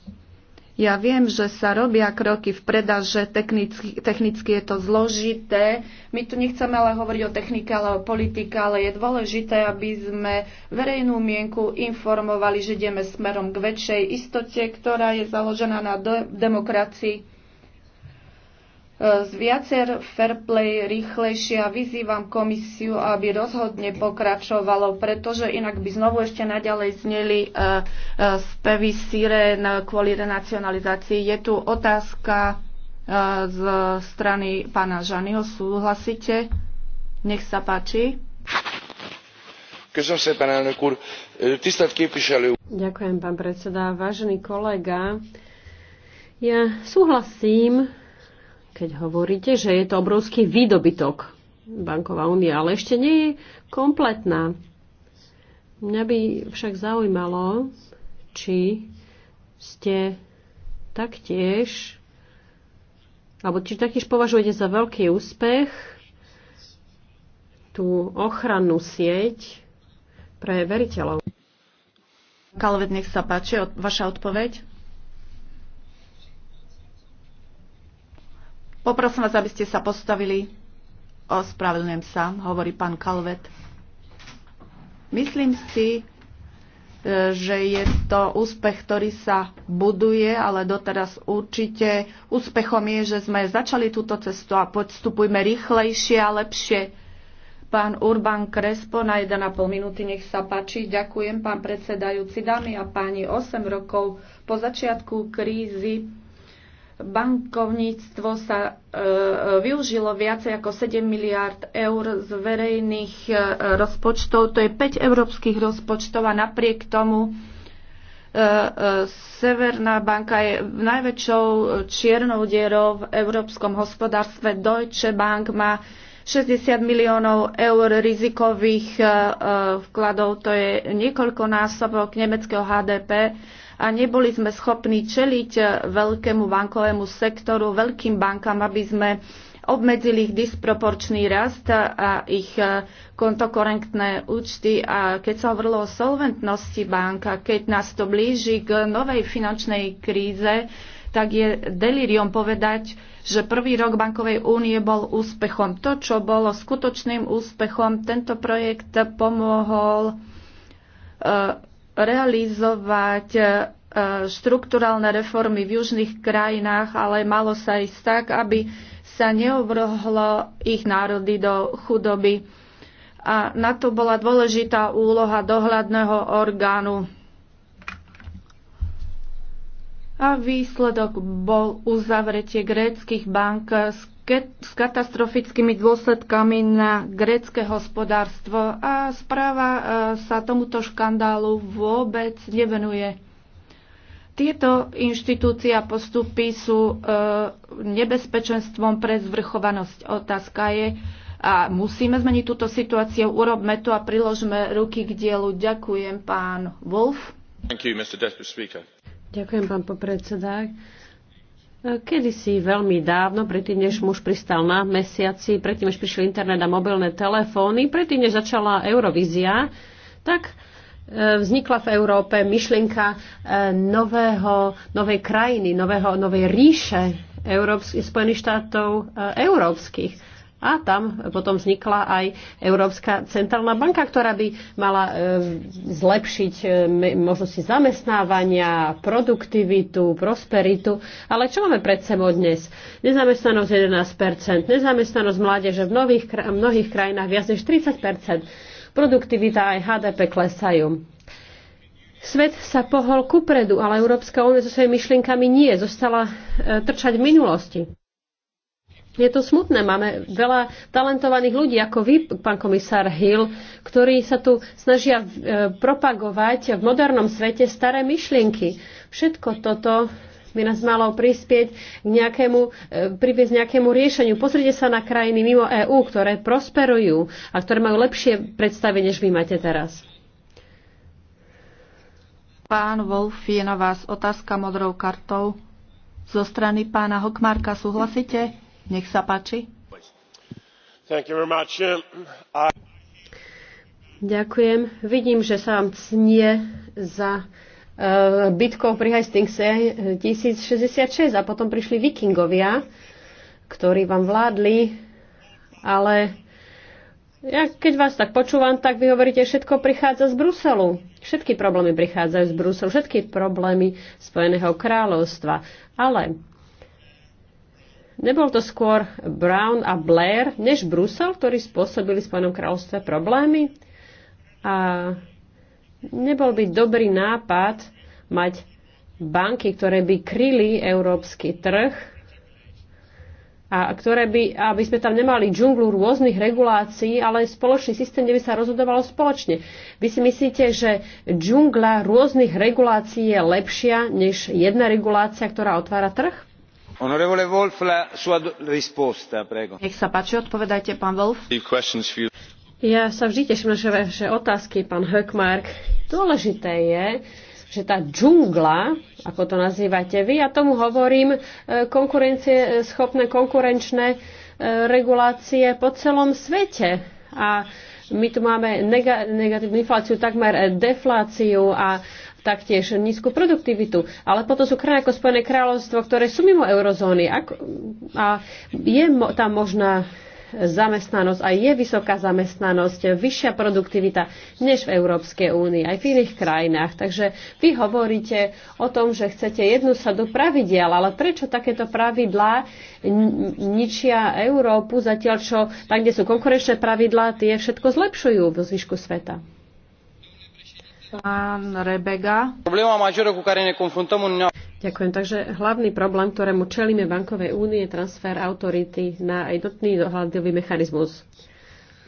Ja viem, že sa robia kroky v predaže, technicky, technicky je to zložité. My tu nechceme ale hovoriť o technike, ale o politike, ale je dôležité, aby sme verejnú mienku informovali, že ideme smerom k väčšej istote, ktorá je založená na de- demokracii z viacer fair play rýchlejšie a vyzývam komisiu, aby rozhodne pokračovalo, pretože inak by znovu ešte naďalej zneli e, e, spevy sirén kvôli renacionalizácii. Je tu otázka e, z strany pána Žanyho. Súhlasíte? Nech sa páči. Ďakujem, pán predseda. Vážený kolega, ja súhlasím keď hovoríte, že je to obrovský výdobytok banková únia, ale ešte nie je kompletná. Mňa by však zaujímalo, či ste taktiež, alebo či taktiež považujete za veľký úspech tú ochrannú sieť pre veriteľov. Kalvet, nech sa páči, vaša odpoveď. Poprosím vás, aby ste sa postavili. Ospravedlňujem sa, hovorí pán Kalvet. Myslím si, e, že je to úspech, ktorý sa buduje, ale doteraz určite úspechom je, že sme začali túto cestu a podstupujme rýchlejšie a lepšie. Pán Urban Krespo na 1,5 minúty, nech sa páči. Ďakujem, pán predsedajúci, dámy a páni. 8 rokov po začiatku krízy bankovníctvo sa e, využilo viacej ako 7 miliard eur z verejných e, rozpočtov, to je 5 európskych rozpočtov a napriek tomu e, e, Severná banka je najväčšou čiernou dierou v európskom hospodárstve. Deutsche Bank má 60 miliónov eur rizikových e, e, vkladov, to je niekoľkonásobok nemeckého HDP a neboli sme schopní čeliť eh, veľkému bankovému sektoru, veľkým bankám, aby sme obmedzili ich disproporčný rast a ich eh, kontokorentné účty. A keď sa hovorilo o solventnosti banka, keď nás to blíži k novej finančnej kríze, tak je delirium povedať, že prvý rok Bankovej únie bol úspechom. To, čo bolo skutočným úspechom, tento projekt pomohol eh, realizovať e, štrukturálne reformy v južných krajinách, ale malo sa ísť tak, aby sa neovrhlo ich národy do chudoby. A na to bola dôležitá úloha dohľadného orgánu. A výsledok bol uzavretie gréckých bank s s katastrofickými dôsledkami na grécke hospodárstvo a správa e, sa tomuto škandálu vôbec nevenuje. Tieto inštitúcie a postupy sú e, nebezpečenstvom pre zvrchovanosť. Otázka je, a musíme zmeniť túto situáciu, urobme to a priložme ruky k dielu. Ďakujem, pán Wolf. You, Ďakujem, pán popredseda. Kedy si veľmi dávno, predtým než muž pristal na mesiaci, predtým než prišli internet a mobilné telefóny, predtým než začala Eurovízia, tak e, vznikla v Európe myšlienka e, nového, novej krajiny, nového, novej ríše Európsky, Spojených štátov e, európskych. A tam potom vznikla aj Európska centrálna banka, ktorá by mala e, zlepšiť e, možnosti zamestnávania, produktivitu, prosperitu. Ale čo máme pred sebou dnes? Nezamestnanosť 11%, nezamestnanosť mládeže v nových, mnohých krajinách viac než 30%, produktivita aj HDP klesajú. Svet sa pohol kupredu, ale Európska únia so svojimi myšlienkami nie, zostala e, trčať v minulosti je to smutné. Máme veľa talentovaných ľudí, ako vy, pán komisár Hill, ktorí sa tu snažia e, propagovať v modernom svete staré myšlienky. Všetko toto by nás malo prispieť k nejakému, e, priviesť nejakému riešeniu. Pozrite sa na krajiny mimo EÚ, ktoré prosperujú a ktoré majú lepšie predstavy, než vy máte teraz. Pán Wolf, je na vás otázka modrou kartou. Zo strany pána Hokmarka súhlasíte? Nech sa páči. Um, Ďakujem. Vidím, že sa vám cnie za uh, bitkou pri Hastingse eh, 1066 a potom prišli vikingovia, ktorí vám vládli, ale ja keď vás tak počúvam, tak vy hovoríte, všetko prichádza z Bruselu. Všetky problémy prichádzajú z Bruselu, všetky problémy Spojeného kráľovstva. Ale Nebol to skôr Brown a Blair než Brusel, ktorí spôsobili s pánom kráľovstve problémy? A nebol by dobrý nápad mať banky, ktoré by kryli európsky trh a ktoré by, aby sme tam nemali džunglu rôznych regulácií, ale spoločný systém, kde by sa rozhodovalo spoločne. Vy si myslíte, že džungla rôznych regulácií je lepšia než jedna regulácia, ktorá otvára trh? Nech sa páči, odpovedajte, pán Wolf. Ja sa vždy teším na vaše otázky, pán Hökmark. Dôležité je, že tá džungla, ako to nazývate vy, ja tomu hovorím e, konkurencie, e, schopné konkurenčné e, regulácie po celom svete. A my tu máme negatívnu infláciu, takmer defláciu a taktiež nízku produktivitu. Ale potom sú krajiny ako Spojené kráľovstvo, ktoré sú mimo eurozóny. A je tam možná zamestnanosť a je vysoká zamestnanosť, vyššia produktivita než v Európskej únii, aj v iných krajinách. Takže vy hovoríte o tom, že chcete jednu sadu pravidiel, ale prečo takéto pravidlá ničia Európu, zatiaľ čo tam, kde sú konkurenčné pravidlá, tie všetko zlepšujú vo zvyšku sveta? Ďakujem. Takže hlavný problém, ktorému čelíme bankovej únie, je transfer autority na jednotný dohľadový mechanizmus.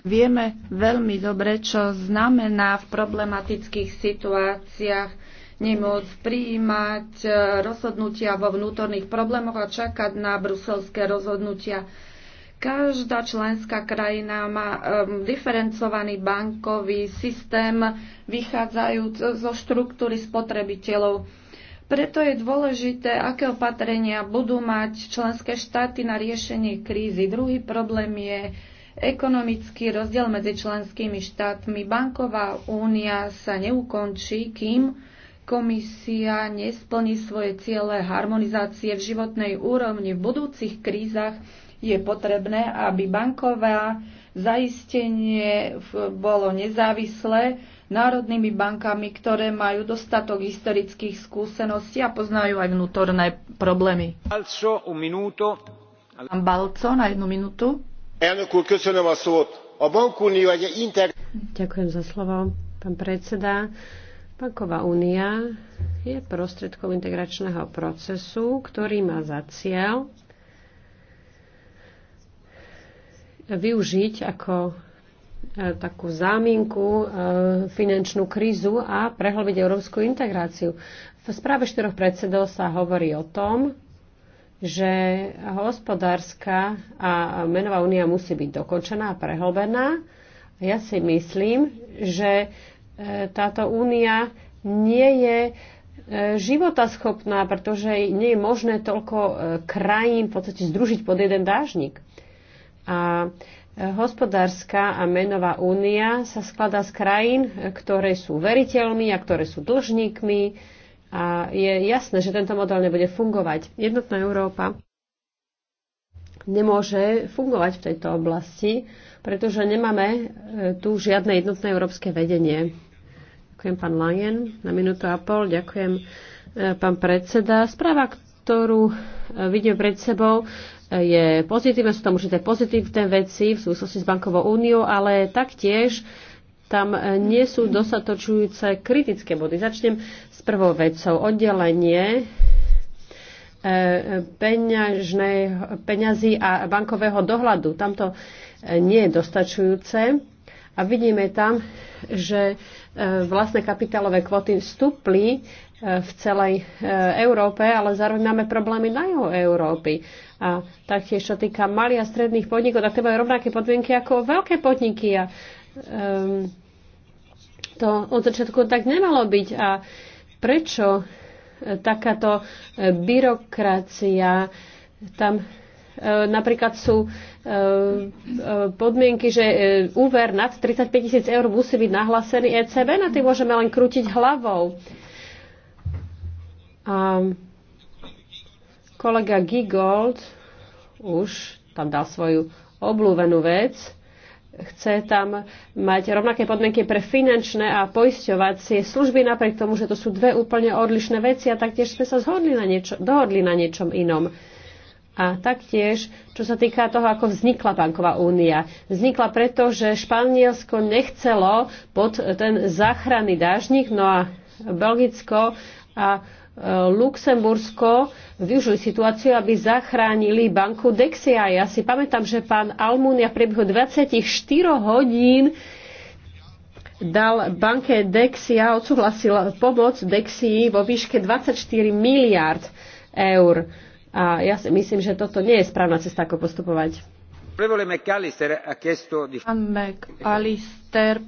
Vieme veľmi dobre, čo znamená v problematických situáciách nemôcť prijímať eh, rozhodnutia vo vnútorných problémoch a čakať na bruselské rozhodnutia. Každá členská krajina má um, diferencovaný bankový systém, vychádzajúc zo štruktúry spotrebiteľov. Preto je dôležité, aké opatrenia budú mať členské štáty na riešenie krízy. Druhý problém je ekonomický rozdiel medzi členskými štátmi. Banková únia sa neukončí, kým komisia nesplní svoje ciele harmonizácie v životnej úrovni v budúcich krízach je potrebné, aby banková zaistenie bolo nezávislé národnými bankami, ktoré majú dostatok historických skúseností a poznajú aj vnútorné problémy. Balco, un minuto. Balco na jednu minútu. Ďakujem za slovo, pán predseda. Banková únia je prostredkom integračného procesu, ktorý má za cieľ využiť ako e, takú zámienku, e, finančnú krízu a prehlbiť európsku integráciu. V správe štyroch predsedov sa hovorí o tom, že hospodárska a menová únia musí byť dokončená a prehlbená. Ja si myslím, že e, táto únia nie je životaschopná, pretože nie je možné toľko krajín v podstate združiť pod jeden dážnik. A e, hospodárska a menová únia sa skladá z krajín, e, ktoré sú veriteľmi a ktoré sú dlžníkmi. A je jasné, že tento model nebude fungovať. Jednotná Európa nemôže fungovať v tejto oblasti, pretože nemáme e, tu žiadne jednotné európske vedenie. Ďakujem pán Langen na minútu a pol. Ďakujem pán predseda. Správa, ktorú vidím pred sebou, je pozitívne, sú tam určité pozitívne veci v súvislosti s bankovou úniou, ale taktiež tam nie sú dostatočujúce kritické body. Začnem s prvou vecou. Oddelenie e, peňazí a bankového dohľadu. Tamto e, nie je dostačujúce. A vidíme tam, že e, vlastné kapitálové kvoty vstúpli v celej Európe, ale zároveň máme problémy na juhu Európy. A taktiež, čo týka malých a stredných podnikov, tak to majú rovnaké podmienky ako veľké podniky. A um, to od začiatku tak nemalo byť. A prečo e, takáto e, byrokracia tam e, napríklad sú podmienky, že úver nad 35 tisíc eur musí byť nahlásený ECB, na tým môžeme len krútiť hlavou. A Kolega Gigold už tam dal svoju oblúvenú vec. Chce tam mať rovnaké podmienky pre finančné a poisťovacie služby, napriek tomu, že to sú dve úplne odlišné veci a taktiež sme sa zhodli na niečo, dohodli na niečom inom. A taktiež, čo sa týka toho, ako vznikla banková únia. Vznikla preto, že Španielsko nechcelo pod ten záchranný dážnik, no a Belgicko a Luxembursko využili situáciu, aby zachránili banku Dexia. Ja si pamätám, že pán Almunia v priebehu 24 hodín dal banke Dexia, odsúhlasil pomoc Dexii vo výške 24 miliard eur. A ja si myslím, že toto nie je správna cesta, ako postupovať. Pán McAllister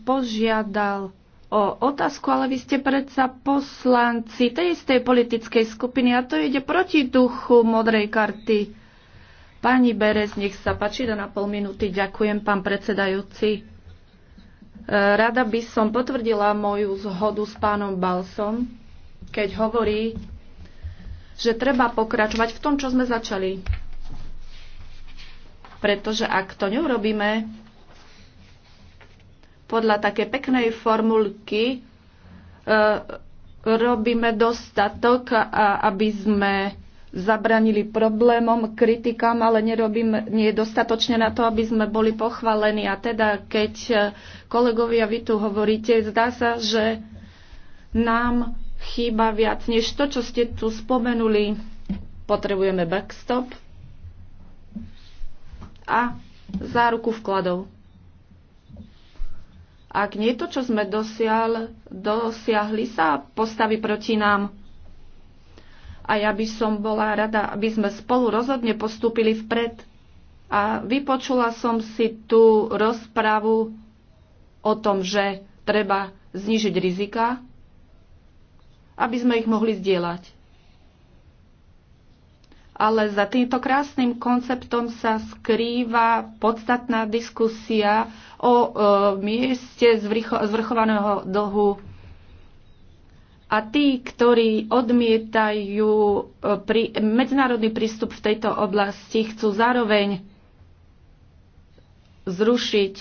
požiadal o otázku, ale vy ste predsa poslanci tej istej politickej skupiny a to ide proti duchu modrej karty. Pani Berez, nech sa páči, na pol minúty. Ďakujem, pán predsedajúci. E, rada by som potvrdila moju zhodu s pánom Balsom, keď hovorí, že treba pokračovať v tom, čo sme začali. Pretože ak to neurobíme, podľa také peknej formulky e, robíme dostatok, a, aby sme zabranili problémom, kritikám, ale nerobím, nie je dostatočne na to, aby sme boli pochválení. A teda, keď e, kolegovia vy tu hovoríte, zdá sa, že nám chýba viac než to, čo ste tu spomenuli. Potrebujeme backstop a záruku vkladov ak nie to, čo sme dosiaľ, dosiahli, sa postaví proti nám. A ja by som bola rada, aby sme spolu rozhodne postúpili vpred. A vypočula som si tú rozpravu o tom, že treba znižiť rizika, aby sme ich mohli zdieľať ale za týmto krásnym konceptom sa skrýva podstatná diskusia o e, mieste zvrcho, zvrchovaného dlhu. A tí, ktorí odmietajú e, pri, medzinárodný prístup v tejto oblasti, chcú zároveň zrušiť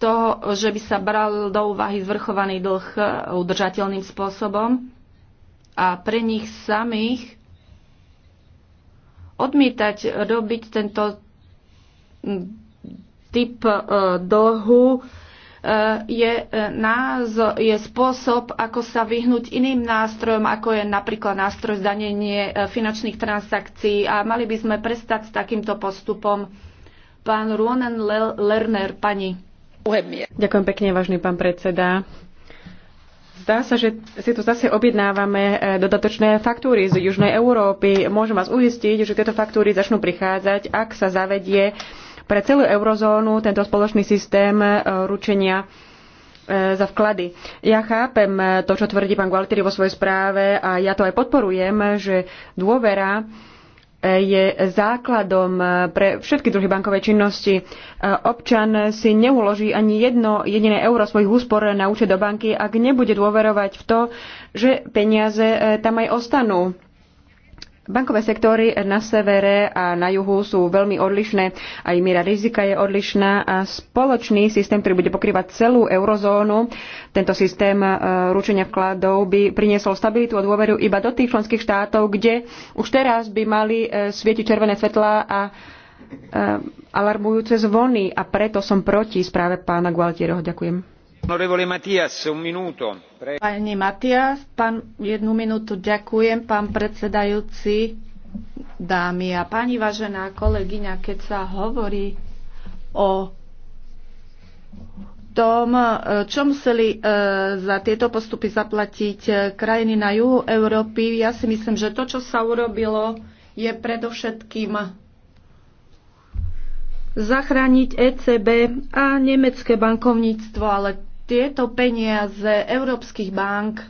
to, že by sa bral do úvahy zvrchovaný dlh e, udržateľným spôsobom a pre nich samých odmietať robiť tento typ e, dlhu e, je, e, náz, je spôsob, ako sa vyhnúť iným nástrojom, ako je napríklad nástroj zdanenie finančných transakcií a mali by sme prestať s takýmto postupom. Pán Ruonen Lerner, pani. Ďakujem pekne, vážny pán predseda. Zdá sa, že si tu zase objednávame e, dodatočné faktúry z Južnej Európy. Môžem vás uistiť, že tieto faktúry začnú prichádzať, ak sa zavedie pre celú eurozónu tento spoločný systém e, ručenia e, za vklady. Ja chápem to, čo tvrdí pán Gualtieri vo svojej správe a ja to aj podporujem, že dôvera je základom eh, pre všetky druhy bankovej činnosti. Eh, občan si neuloží ani jedno jediné euro svojich úspor na účet do banky, ak nebude dôverovať v to, že peniaze eh, tam aj ostanú. Bankové sektory na severe a na juhu sú veľmi odlišné, aj miera rizika je odlišná a spoločný systém, ktorý bude pokrývať celú eurozónu, tento systém e, ručenia vkladov by priniesol stabilitu a dôveru iba do tých členských štátov, kde už teraz by mali e, svietiť červené svetlá a e, alarmujúce zvony a preto som proti správe pána Gualtieroho. Ďakujem. Pani Matias, jednu minútu ďakujem, pán predsedajúci, dámy a páni, vážená kolegyňa, keď sa hovorí o tom, čo museli e, za tieto postupy zaplatiť e, krajiny na juhu Európy, ja si myslím, že to, čo sa urobilo, je predovšetkým zachrániť ECB a nemecké bankovníctvo, ale tieto peniaze európskych bank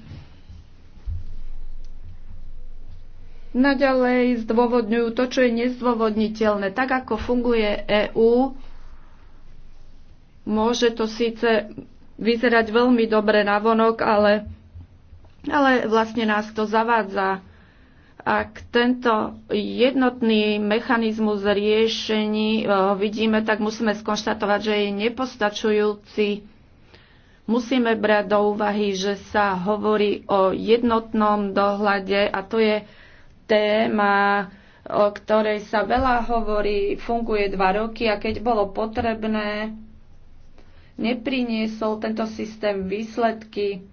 naďalej zdôvodňujú to, čo je nezdôvodniteľné. Tak ako funguje EÚ, môže to síce vyzerať veľmi dobre na vonok, ale, ale vlastne nás to zavádza. Ak tento jednotný mechanizmus riešení e, vidíme, tak musíme skonštatovať, že je nepostačujúci musíme brať do úvahy, že sa hovorí o jednotnom dohľade a to je téma, o ktorej sa veľa hovorí, funguje dva roky a keď bolo potrebné, nepriniesol tento systém výsledky.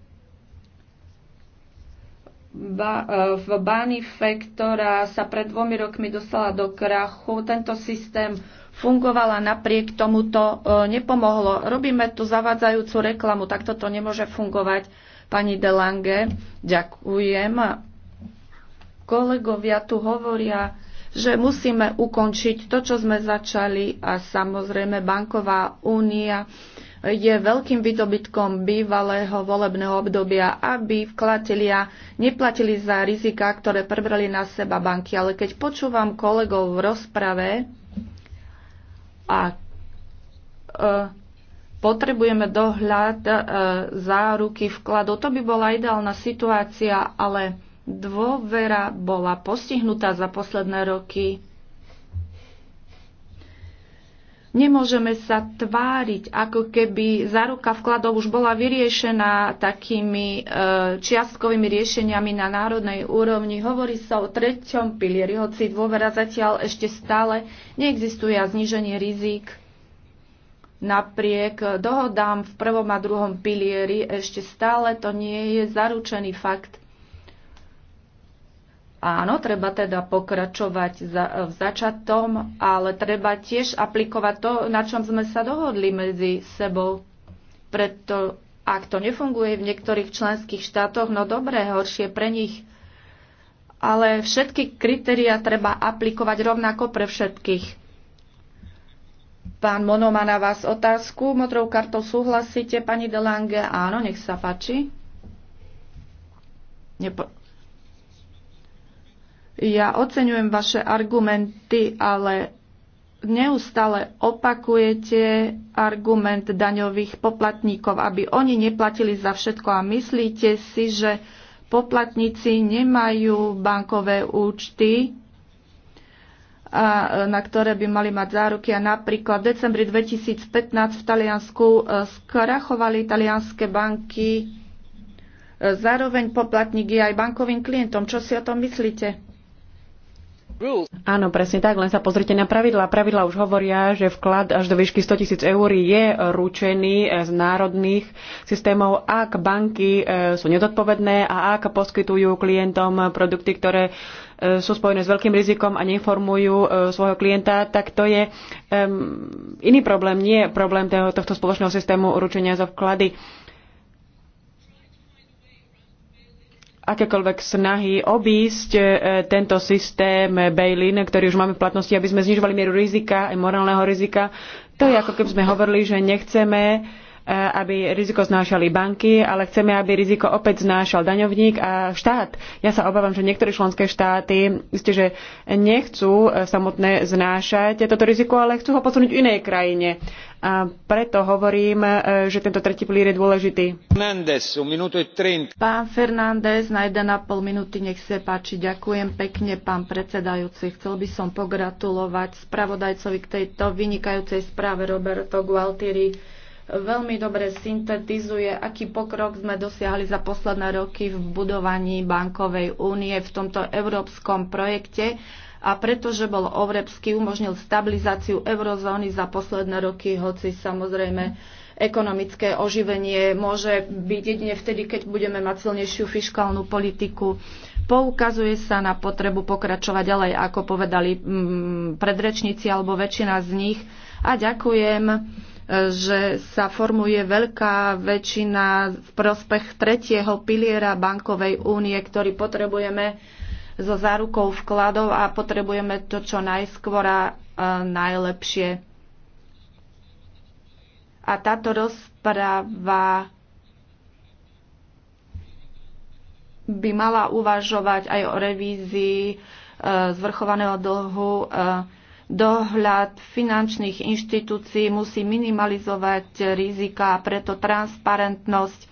E, v Banife, ktorá sa pred dvomi rokmi dostala do krachu, tento systém fungovala napriek tomu to e, nepomohlo. Robíme tu zavádzajúcu reklamu, tak toto nemôže fungovať. Pani Delange, ďakujem. Kolegovia tu hovoria, že musíme ukončiť to, čo sme začali a samozrejme Banková únia je veľkým vydobytkom bývalého volebného obdobia, aby vkladatelia neplatili za rizika, ktoré prebrali na seba banky. Ale keď počúvam kolegov v rozprave, a e, potrebujeme dohľad e, záruky vkladu, To by bola ideálna situácia, ale dôvera bola postihnutá za posledné roky Nemôžeme sa tváriť, ako keby záruka vkladov už bola vyriešená takými e, čiastkovými riešeniami na národnej úrovni. Hovorí sa o treťom pilieri, hoci dôvera zatiaľ ešte stále neexistuje a zníženie rizik. Napriek dohodám v prvom a druhom pilieri ešte stále to nie je zaručený fakt. Áno, treba teda pokračovať za, v začatom, ale treba tiež aplikovať to, na čom sme sa dohodli medzi sebou. Preto ak to nefunguje v niektorých členských štátoch, no dobré, horšie pre nich. Ale všetky kritéria treba aplikovať rovnako pre všetkých. Pán Mono má na vás otázku. Modrou kartou súhlasíte, pani Delange? Áno, nech sa páči. Nepo- ja oceňujem vaše argumenty, ale neustále opakujete argument daňových poplatníkov, aby oni neplatili za všetko a myslíte si, že poplatníci nemajú bankové účty, a, na ktoré by mali mať záruky. A napríklad v decembri 2015 v Taliansku e, skrachovali talianské banky. E, zároveň poplatník je aj bankovým klientom. Čo si o tom myslíte? Áno, presne tak, len sa pozrite na pravidlá. Pravidlá už hovoria, že vklad až do výšky 100 tisíc eur je ručený z národných systémov, ak banky e, sú nedodpovedné a ak poskytujú klientom produkty, ktoré e, sú spojené s veľkým rizikom a neinformujú e, svojho klienta, tak to je um, iný problém, nie problém tohto spoločného systému ručenia za vklady. akékoľvek snahy obísť e, tento systém bail-in, ktorý už máme v platnosti, aby sme znižovali mieru rizika, aj morálneho rizika. To je ako keby sme hovorili, že nechceme E, aby riziko znášali banky, ale chceme, aby riziko opäť znášal daňovník a štát. Ja sa obávam, že niektoré členské štáty isté, že nechcú e, samotné znášať toto riziko, ale chcú ho posunúť v inej krajine. A preto hovorím, e, že tento tretí pilier je dôležitý. Fernández, pán Fernández, na 1,5 minúty nech sa páči. Ďakujem pekne, pán predsedajúci. Chcel by som pogratulovať spravodajcovi k tejto vynikajúcej správe Roberto Gualtieri veľmi dobre syntetizuje, aký pokrok sme dosiahli za posledné roky v budovaní bankovej únie v tomto európskom projekte a pretože bol európsky, umožnil stabilizáciu eurozóny za posledné roky, hoci samozrejme ekonomické oživenie môže byť jedine vtedy, keď budeme mať silnejšiu fiskálnu politiku. Poukazuje sa na potrebu pokračovať ďalej, ako povedali mm, predrečníci alebo väčšina z nich. A ďakujem že sa formuje veľká väčšina v prospech tretieho piliera bankovej únie, ktorý potrebujeme so zárukou vkladov a potrebujeme to čo najskôr a najlepšie. A táto rozpráva by mala uvažovať aj o revízii e, zvrchovaného dlhu e, Dohľad finančných inštitúcií musí minimalizovať rizika a preto transparentnosť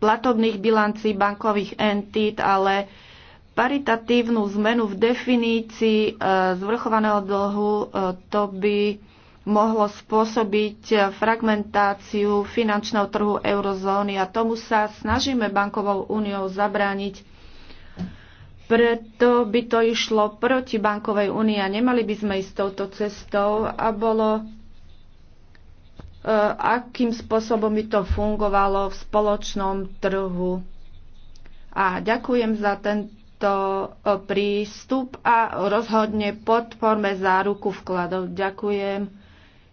platobných bilancí bankových entít, ale paritatívnu zmenu v definícii e, zvrchovaného dlhu e, to by mohlo spôsobiť fragmentáciu finančného trhu eurozóny a tomu sa snažíme bankovou úniou zabrániť preto by to išlo proti bankovej únii a nemali by sme ísť touto cestou a bolo e, akým spôsobom by to fungovalo v spoločnom trhu. A ďakujem za tento e, prístup a rozhodne podporme záruku vkladov. Ďakujem.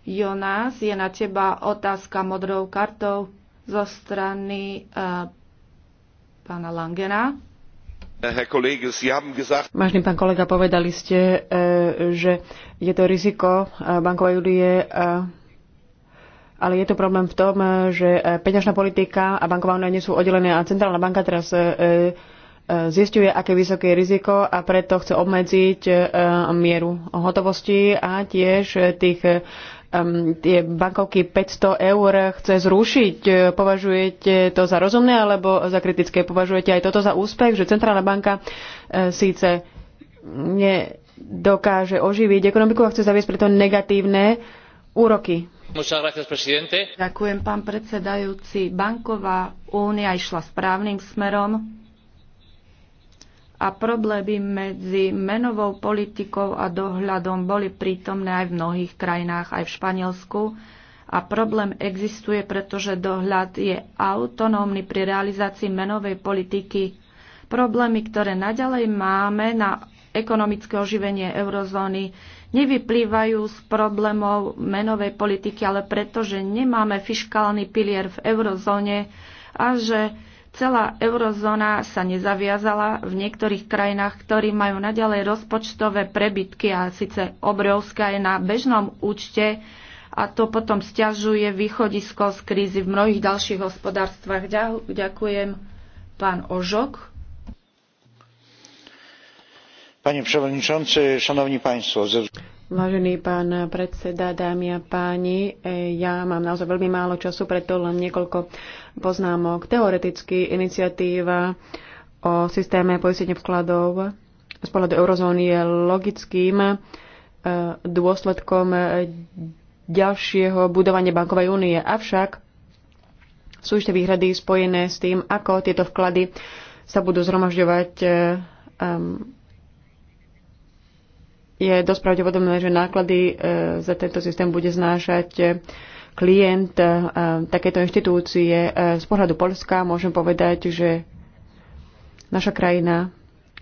Jonás, je na teba otázka modrou kartou zo strany e, pána Langena. Eh, Vážený pán kolega, povedali ste, eh, že je to riziko eh, bankovej únie, ale je to problém v tom, že peňažná politika a banková únia nie sú oddelené a centrálna banka teraz zistuje, aké vysoké je riziko a preto chce obmedziť mieru hotovosti a tiež tých tie bankovky 500 eur chce zrušiť. E, považujete to za rozumné alebo za kritické? Považujete aj toto za úspech, že Centrálna banka e, síce nedokáže oživiť ekonomiku a chce zaviesť preto negatívne úroky? Ďakujem, pán predsedajúci. Banková únia išla správnym smerom a problémy medzi menovou politikou a dohľadom boli prítomné aj v mnohých krajinách, aj v Španielsku. A problém existuje, pretože dohľad je autonómny pri realizácii menovej politiky. Problémy, ktoré naďalej máme na ekonomické oživenie eurozóny, nevyplývajú z problémov menovej politiky, ale pretože nemáme fiskálny pilier v eurozóne a že Celá eurozóna sa nezaviazala v niektorých krajinách, ktorí majú naďalej rozpočtové prebytky a síce obrovská je na bežnom účte a to potom stiažuje východisko z krízy v mnohých ďalších hospodárstvach. Ďakujem pán Ožok. Panie przewodniczący, szanowni państwo, ze Vážený pán predseda, dámy a páni, e, ja mám naozaj veľmi málo času, preto len niekoľko poznámok. Teoreticky iniciatíva o systéme poistenia vkladov z pohľadu eurozóny je logickým e, dôsledkom ďalšieho budovania bankovej únie. Avšak sú ešte výhrady spojené s tým, ako tieto vklady sa budú zhromažďovať e, je dosť pravdepodobné, že náklady e, za tento systém bude znášať e, klient e, takéto inštitúcie. Z pohľadu Polska môžem povedať, že naša krajina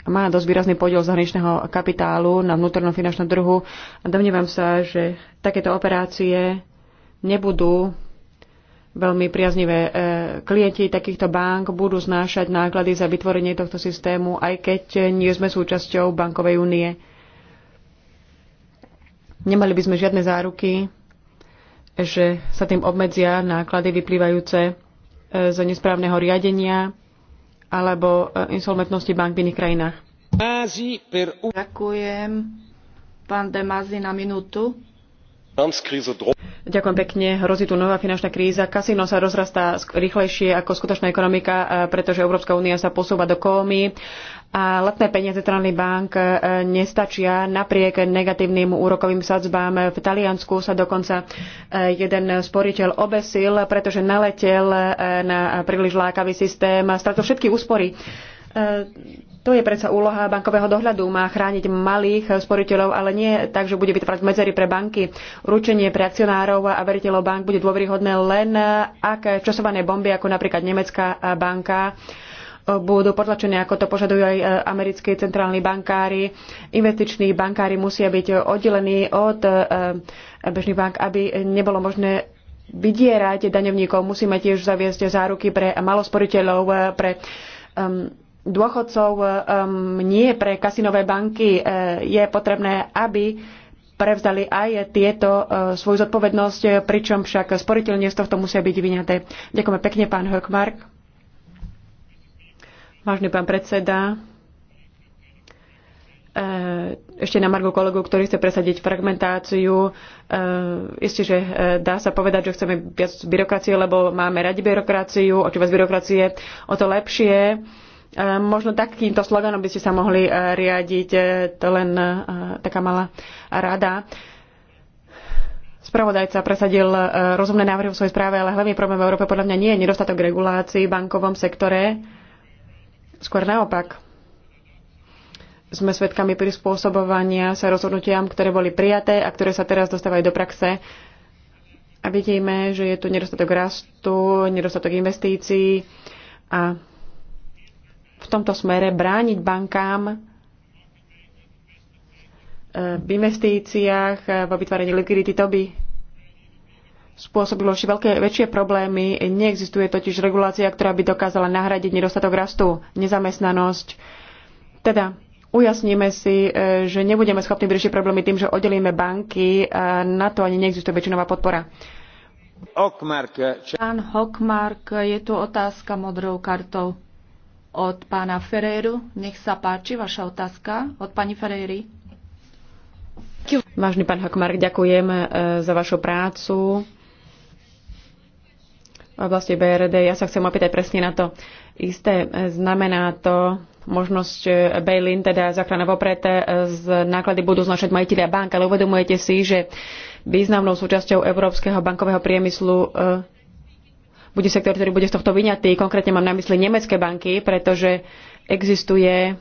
má dosť výrazný podiel zahraničného kapitálu na vnútornom finančnom trhu a domnievam sa, že takéto operácie nebudú veľmi priaznivé. Klienti takýchto bank budú znášať náklady za vytvorenie tohto systému, aj keď nie sme súčasťou bankovej únie. Nemali by sme žiadne záruky, že sa tým obmedzia náklady vyplývajúce e, z nesprávneho riadenia alebo e, insolventnosti bank v iných krajinách. Ďakujem. Pán Demazi na minútu. Ďakujem pekne. Hrozí tu nová finančná kríza. Kasino sa rozrastá rýchlejšie ako skutočná ekonomika, e, pretože Európska únia sa posúva do kómy a letné peniaze Trany bank e, nestačia napriek negatívnym úrokovým sadzbám. V Taliansku sa dokonca e, jeden sporiteľ obesil, pretože naletel e, na príliš lákavý systém a stratil všetky úspory. To je predsa úloha bankového dohľadu. Má chrániť malých sporiteľov, ale nie tak, že bude vytvárať medzery pre banky. Ručenie pre akcionárov a veriteľov bank bude dôveryhodné len ak časované bomby, ako napríklad Nemecká banka, budú potlačené, ako to požadujú aj e, americkí centrálni bankári. Investiční bankári musia byť oddelení od e, e, bežných bank, aby nebolo možné vydierať daňovníkov. Musíme tiež zaviesť záruky pre malosporiteľov, pre dôchodcov, nie pre kasinové banky. Je potrebné, aby prevzali aj tieto svoju zodpovednosť, pričom však sporiteľne z tohto musia byť vyňaté. Ďakujeme pekne, pán Hökmark. Vážny pán predseda, e, ešte na Margo kolegu, ktorý chce presadiť fragmentáciu. E, isté, že e, dá sa povedať, že chceme viac byrokracie, lebo máme radi byrokraciu, o čo viac byrokracie, o to lepšie. Možno takýmto sloganom by ste sa mohli riadiť, to len taká malá rada. Spravodajca presadil rozumné návrhy v svojej správe, ale hlavný problém v Európe podľa mňa nie je nedostatok regulácií v bankovom sektore Skôr naopak, sme svedkami prispôsobovania sa rozhodnutiam, ktoré boli prijaté a ktoré sa teraz dostávajú do praxe. A vidíme, že je tu nedostatok rastu, nedostatok investícií a v tomto smere brániť bankám eh, v investíciách, vo vytváraní likvidity, to by spôsobilo ešte veľké, väčšie problémy. Neexistuje totiž regulácia, ktorá by dokázala nahradiť nedostatok rastu, nezamestnanosť. Teda ujasníme si, e, že nebudeme schopní vyriešiť problémy tým, že oddelíme banky. E, na to ani neexistuje väčšinová podpora. Hockmark. Pán Hockmark, je tu otázka modrou kartou od pána Ferreiru. Nech sa páči, vaša otázka od pani Ferreiry. Vážny pán Hockmark, ďakujem e, za vašu prácu v oblasti BRD. Ja sa chcem opýtať presne na to isté. E, znamená to možnosť e, bail-in, teda záchrana vopred, e, z náklady budú znašať majiteľia bank, ale uvedomujete si, že významnou súčasťou európskeho bankového priemyslu bude sektor, ktorý bude z tohto vyňatý. Konkrétne mám na mysli nemecké banky, pretože existuje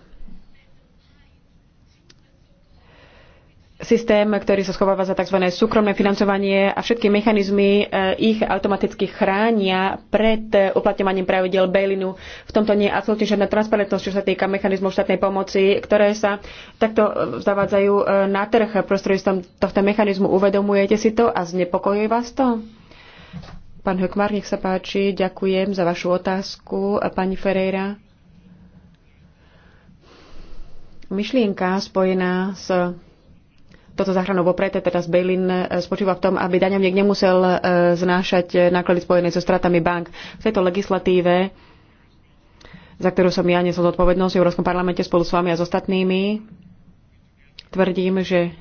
systém, ktorý sa schováva za tzv. súkromné financovanie a všetky mechanizmy eh, ich automaticky chránia pred eh, uplatňovaním pravidel bailinu. V tomto nie je absolútne žiadna transparentnosť, čo sa týka mechanizmov štátnej pomoci, ktoré sa takto eh, zavádzajú na trh prostredníctvom tohto mechanizmu. Uvedomujete si to a znepokojuje vás to? Pán Hökmar, nech sa páči, ďakujem za vašu otázku. Pani Ferreira. Myšlienka spojená s toto záchranu vopred, teraz Bailin eh, spočíva v tom, aby daňovník nemusel eh, znášať eh, náklady spojené so stratami bank. V tejto legislatíve, za ktorú som ja nesol zodpovednosť v Európskom parlamente spolu s vami a s ostatnými, tvrdím, že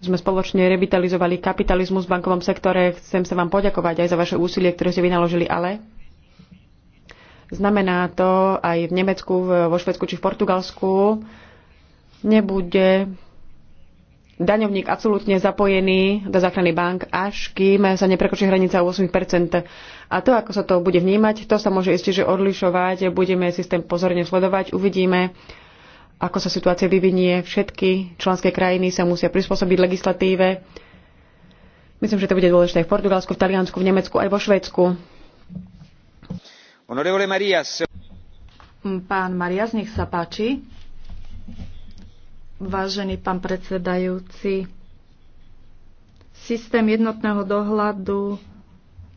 sme spoločne revitalizovali kapitalizmus v bankovom sektore. Chcem sa vám poďakovať aj za vaše úsilie, ktoré ste vynaložili, ale znamená to aj v Nemecku, vo Švedsku či v Portugalsku nebude daňovník absolútne zapojený do záchrany bank, až kým sa neprekočí hranica o 8 A to, ako sa to bude vnímať, to sa môže isté, že odlišovať. Budeme systém pozorne sledovať, uvidíme, ako sa situácia vyvinie. Všetky členské krajiny sa musia prispôsobiť legislatíve. Myslím, že to bude dôležité aj v Portugalsku, v Taliansku, v Nemecku, aj vo Švedsku. Pán Marias, nech sa páči. Vážený pán predsedajúci, systém jednotného dohľadu,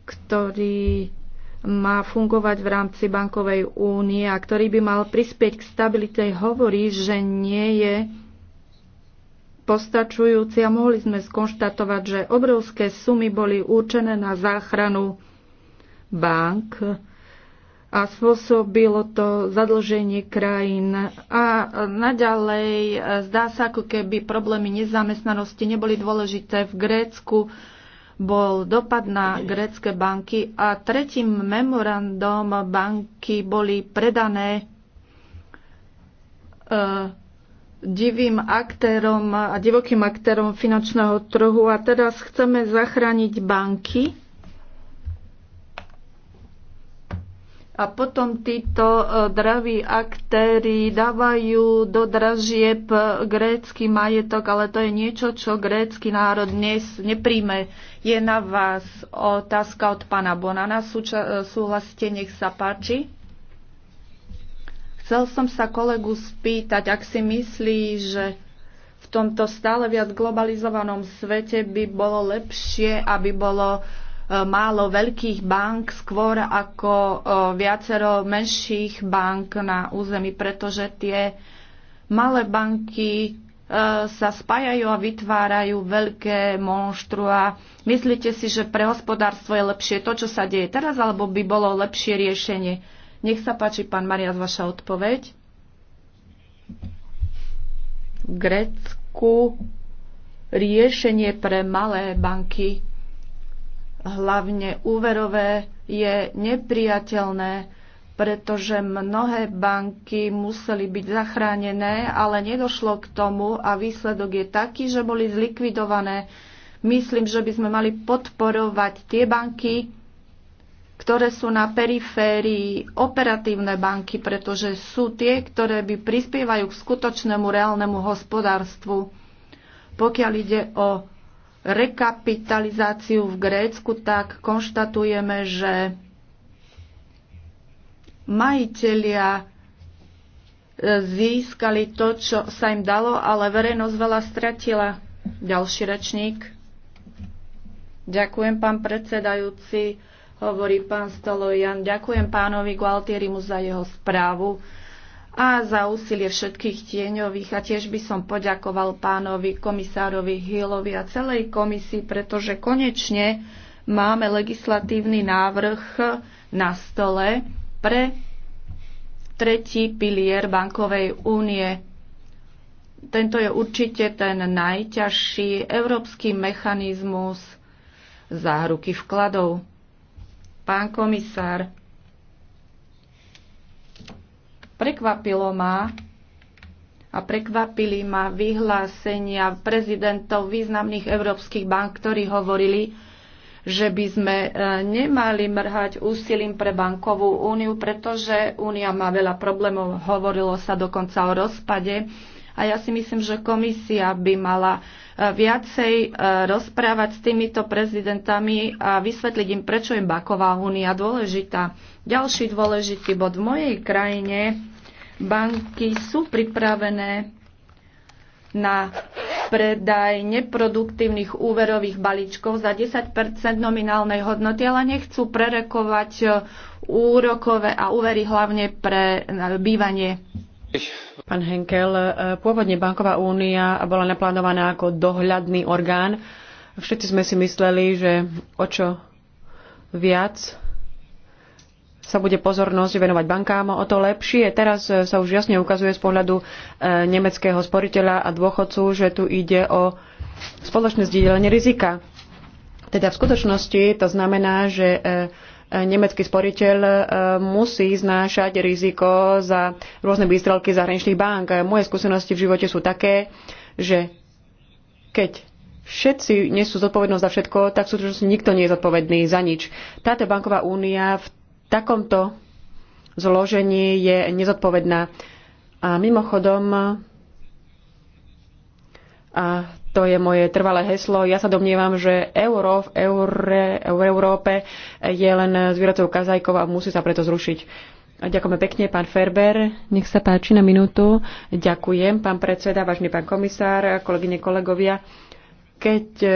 ktorý má fungovať v rámci bankovej únie a ktorý by mal prispieť k stabilite, hovorí, že nie je postačujúci a mohli sme skonštatovať, že obrovské sumy boli určené na záchranu bank, a spôsobilo to zadlženie krajín. A naďalej e, zdá sa, ako keby problémy nezamestnanosti neboli dôležité v Grécku, bol dopad na grécké banky a tretím memorandom banky boli predané e, divým aktérom a divokým aktérom finančného trhu a teraz chceme zachrániť banky A potom títo e, draví aktéry dávajú do dražieb grécky majetok, ale to je niečo, čo grécky národ dnes nepríjme. Je na vás otázka od pána Bonana. Súča- e, súhlaste, nech sa páči. Chcel som sa kolegu spýtať, ak si myslí, že v tomto stále viac globalizovanom svete by bolo lepšie, aby bolo málo veľkých bank skôr ako e, viacero menších bank na území, pretože tie malé banky e, sa spájajú a vytvárajú veľké monštrua. Myslíte si, že pre hospodárstvo je lepšie to, čo sa deje teraz, alebo by bolo lepšie riešenie? Nech sa páči, pán Marias, vaša odpoveď. V Grécku riešenie pre malé banky hlavne úverové, je nepriateľné, pretože mnohé banky museli byť zachránené, ale nedošlo k tomu a výsledok je taký, že boli zlikvidované. Myslím, že by sme mali podporovať tie banky, ktoré sú na periférii operatívne banky, pretože sú tie, ktoré by prispievajú k skutočnému reálnemu hospodárstvu. Pokiaľ ide o rekapitalizáciu v Grécku, tak konštatujeme, že majitelia e, získali to, čo sa im dalo, ale verejnosť veľa stratila. Ďalší rečník. Ďakujem, pán predsedajúci, hovorí pán Stolojan. Ďakujem pánovi Gualtierimu za jeho správu a za úsilie všetkých tieňových. A tiež by som poďakoval pánovi komisárovi Hillovi a celej komisii, pretože konečne máme legislatívny návrh na stole pre tretí pilier bankovej únie. Tento je určite ten najťažší európsky mechanizmus záruky vkladov. Pán komisár, Prekvapilo ma a prekvapili ma vyhlásenia prezidentov významných európskych bank, ktorí hovorili, že by sme e, nemali mrhať úsilím pre bankovú úniu, pretože únia má veľa problémov. Hovorilo sa dokonca o rozpade a ja si myslím, že komisia by mala e, viacej e, rozprávať s týmito prezidentami a vysvetliť im, prečo je Baková únia dôležitá. Ďalší dôležitý bod v mojej krajine. Banky sú pripravené na predaj neproduktívnych úverových balíčkov za 10 nominálnej hodnoty, ale nechcú prerekovať e, úrokové a úvery hlavne pre bývanie Pán Henkel, e, pôvodne Banková únia bola naplánovaná ako dohľadný orgán. Všetci sme si mysleli, že o čo viac sa bude pozornosť venovať bankám, o to lepšie. Teraz e, sa už jasne ukazuje z pohľadu e, nemeckého sporiteľa a dôchodcu, že tu ide o spoločné zdieľanie rizika. Teda v skutočnosti to znamená, že nemecký sporiteľ e, musí znášať riziko za rôzne výstrelky zahraničných bank. Moje skúsenosti v živote sú také, že keď všetci nesú zodpovednosť za všetko, tak sú to, nikto nie je zodpovedný za nič. Táto banková únia v takomto zložení je nezodpovedná. A mimochodom, a to je moje trvalé heslo. Ja sa domnievam, že euro v, eure, v Európe je len zvieracou kazajkou a musí sa preto zrušiť. Ďakujeme pekne, pán Ferber. Nech sa páči na minútu. Ďakujem, pán predseda, vážny pán komisár, kolegyne, kolegovia. Keď eh,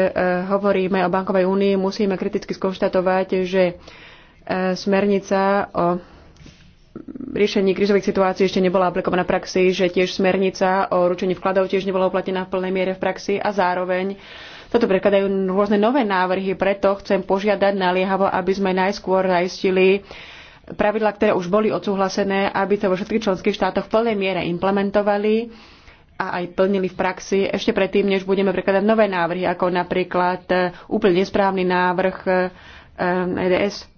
hovoríme o bankovej únii, musíme kriticky skonštatovať, že eh, smernica o riešení krizových situácií ešte nebola aplikovaná v praxi, že tiež smernica o ručení vkladov tiež nebola uplatená v plnej miere v praxi a zároveň toto prekladajú rôzne nové návrhy, preto chcem požiadať naliehavo, aby sme najskôr zaistili pravidla, ktoré už boli odsúhlasené, aby sa vo všetkých členských štátoch v plnej miere implementovali a aj plnili v praxi ešte predtým, než budeme prekladať nové návrhy, ako napríklad e, úplne nesprávny návrh EDS, e, e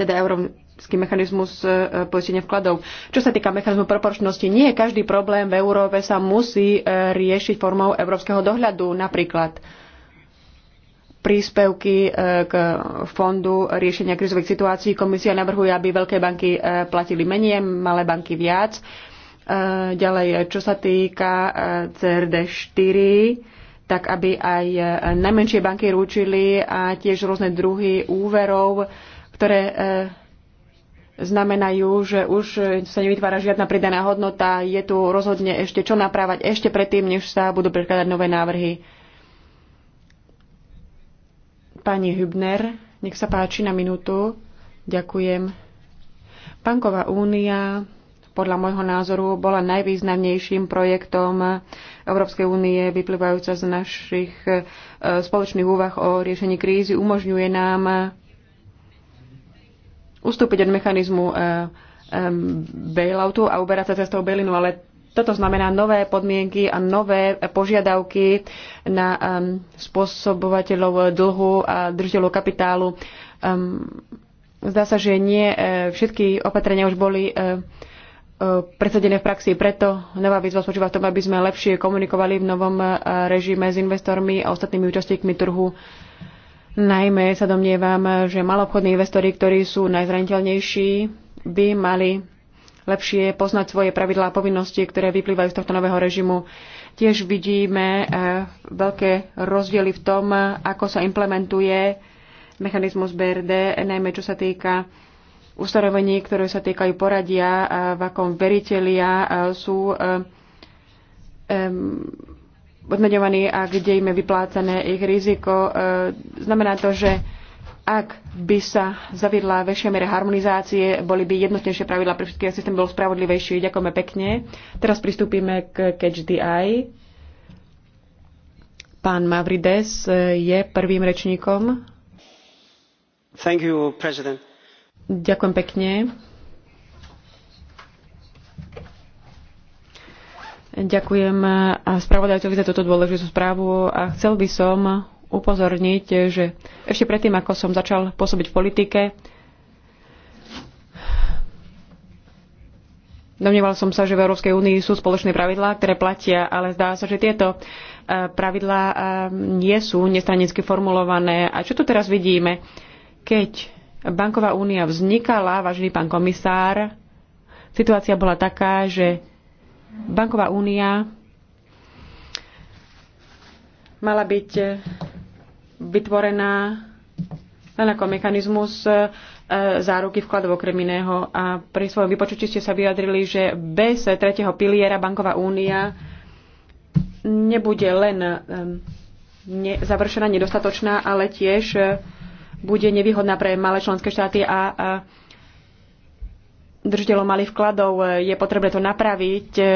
teda Euro, európsky mechanizmus e, e, poistenia vkladov. Čo sa týka mechanizmu proporčnosti, nie každý problém v Európe sa musí e, riešiť formou európskeho dohľadu. Napríklad príspevky k fondu riešenia krizových situácií. Komisia navrhuje, aby veľké banky platili menej, malé banky viac. Ďalej, čo sa týka CRD4, tak aby aj najmenšie banky rúčili a tiež rôzne druhy úverov, ktoré znamenajú, že už sa nevytvára žiadna pridaná hodnota, je tu rozhodne ešte čo naprávať ešte predtým, než sa budú prekladať nové návrhy. Pani Hübner, nech sa páči na minútu. Ďakujem. Banková únia podľa môjho názoru bola najvýznamnejším projektom Európskej únie vyplývajúca z našich e, spoločných úvah o riešení krízy. Umožňuje nám ustúpiť od mechanizmu eh, bailoutu a uberať sa cestou bailinu, ale toto znamená nové podmienky a nové požiadavky na um, spôsobovateľov dlhu a držiteľov kapitálu. Um, zdá sa, že nie e, všetky opatrenia už boli e, eh, e, predsadené v praxi, preto nová výzva spočíva v tom, aby sme lepšie komunikovali v novom režime s investormi a ostatnými účastníkmi trhu. Najmä sa domnievam, že malobchodní investori, ktorí sú najzraniteľnejší, by mali lepšie poznať svoje pravidlá a povinnosti, ktoré vyplývajú z tohto nového režimu. Tiež vidíme eh, veľké rozdiely v tom, ako sa implementuje mechanizmus BRD, najmä čo sa týka ustanovení, ktoré sa týkajú poradia, eh, v akom veritelia eh, sú odmeňovaní a kde im je vyplácané ich riziko. E, znamená to, že ak by sa zaviedla väčšia miera harmonizácie, boli by jednotnejšie pravidla pre všetky a systém bol spravodlivejší. Ďakujeme pekne. Teraz pristúpime k Catch the Eye. Pán Mavrides e, je prvým rečníkom. Thank you, president. Ďakujem pekne. Ďakujem e, spravodajcovi za túto dôležitú správu a chcel by som upozorniť, že ešte predtým, ako som začal pôsobiť v politike, Domnieval som sa, že v Európskej únii sú spoločné pravidlá, ktoré platia, ale zdá sa, že tieto e, pravidlá e, nie sú nestranicky formulované. A čo tu teraz vidíme? Keď banková únia vznikala, vážený pán komisár, situácia bola taká, že Banková únia mala byť vytvorená len ako mechanizmus e, záruky vkladov okrem iného. A pri svojom vypočutí ste sa vyjadrili, že bez tretieho piliera Banková únia nebude len e, završená, nedostatočná, ale tiež e, bude nevýhodná pre malé členské štáty a držiteľov malých vkladov. E, je potrebné to napraviť. E, e,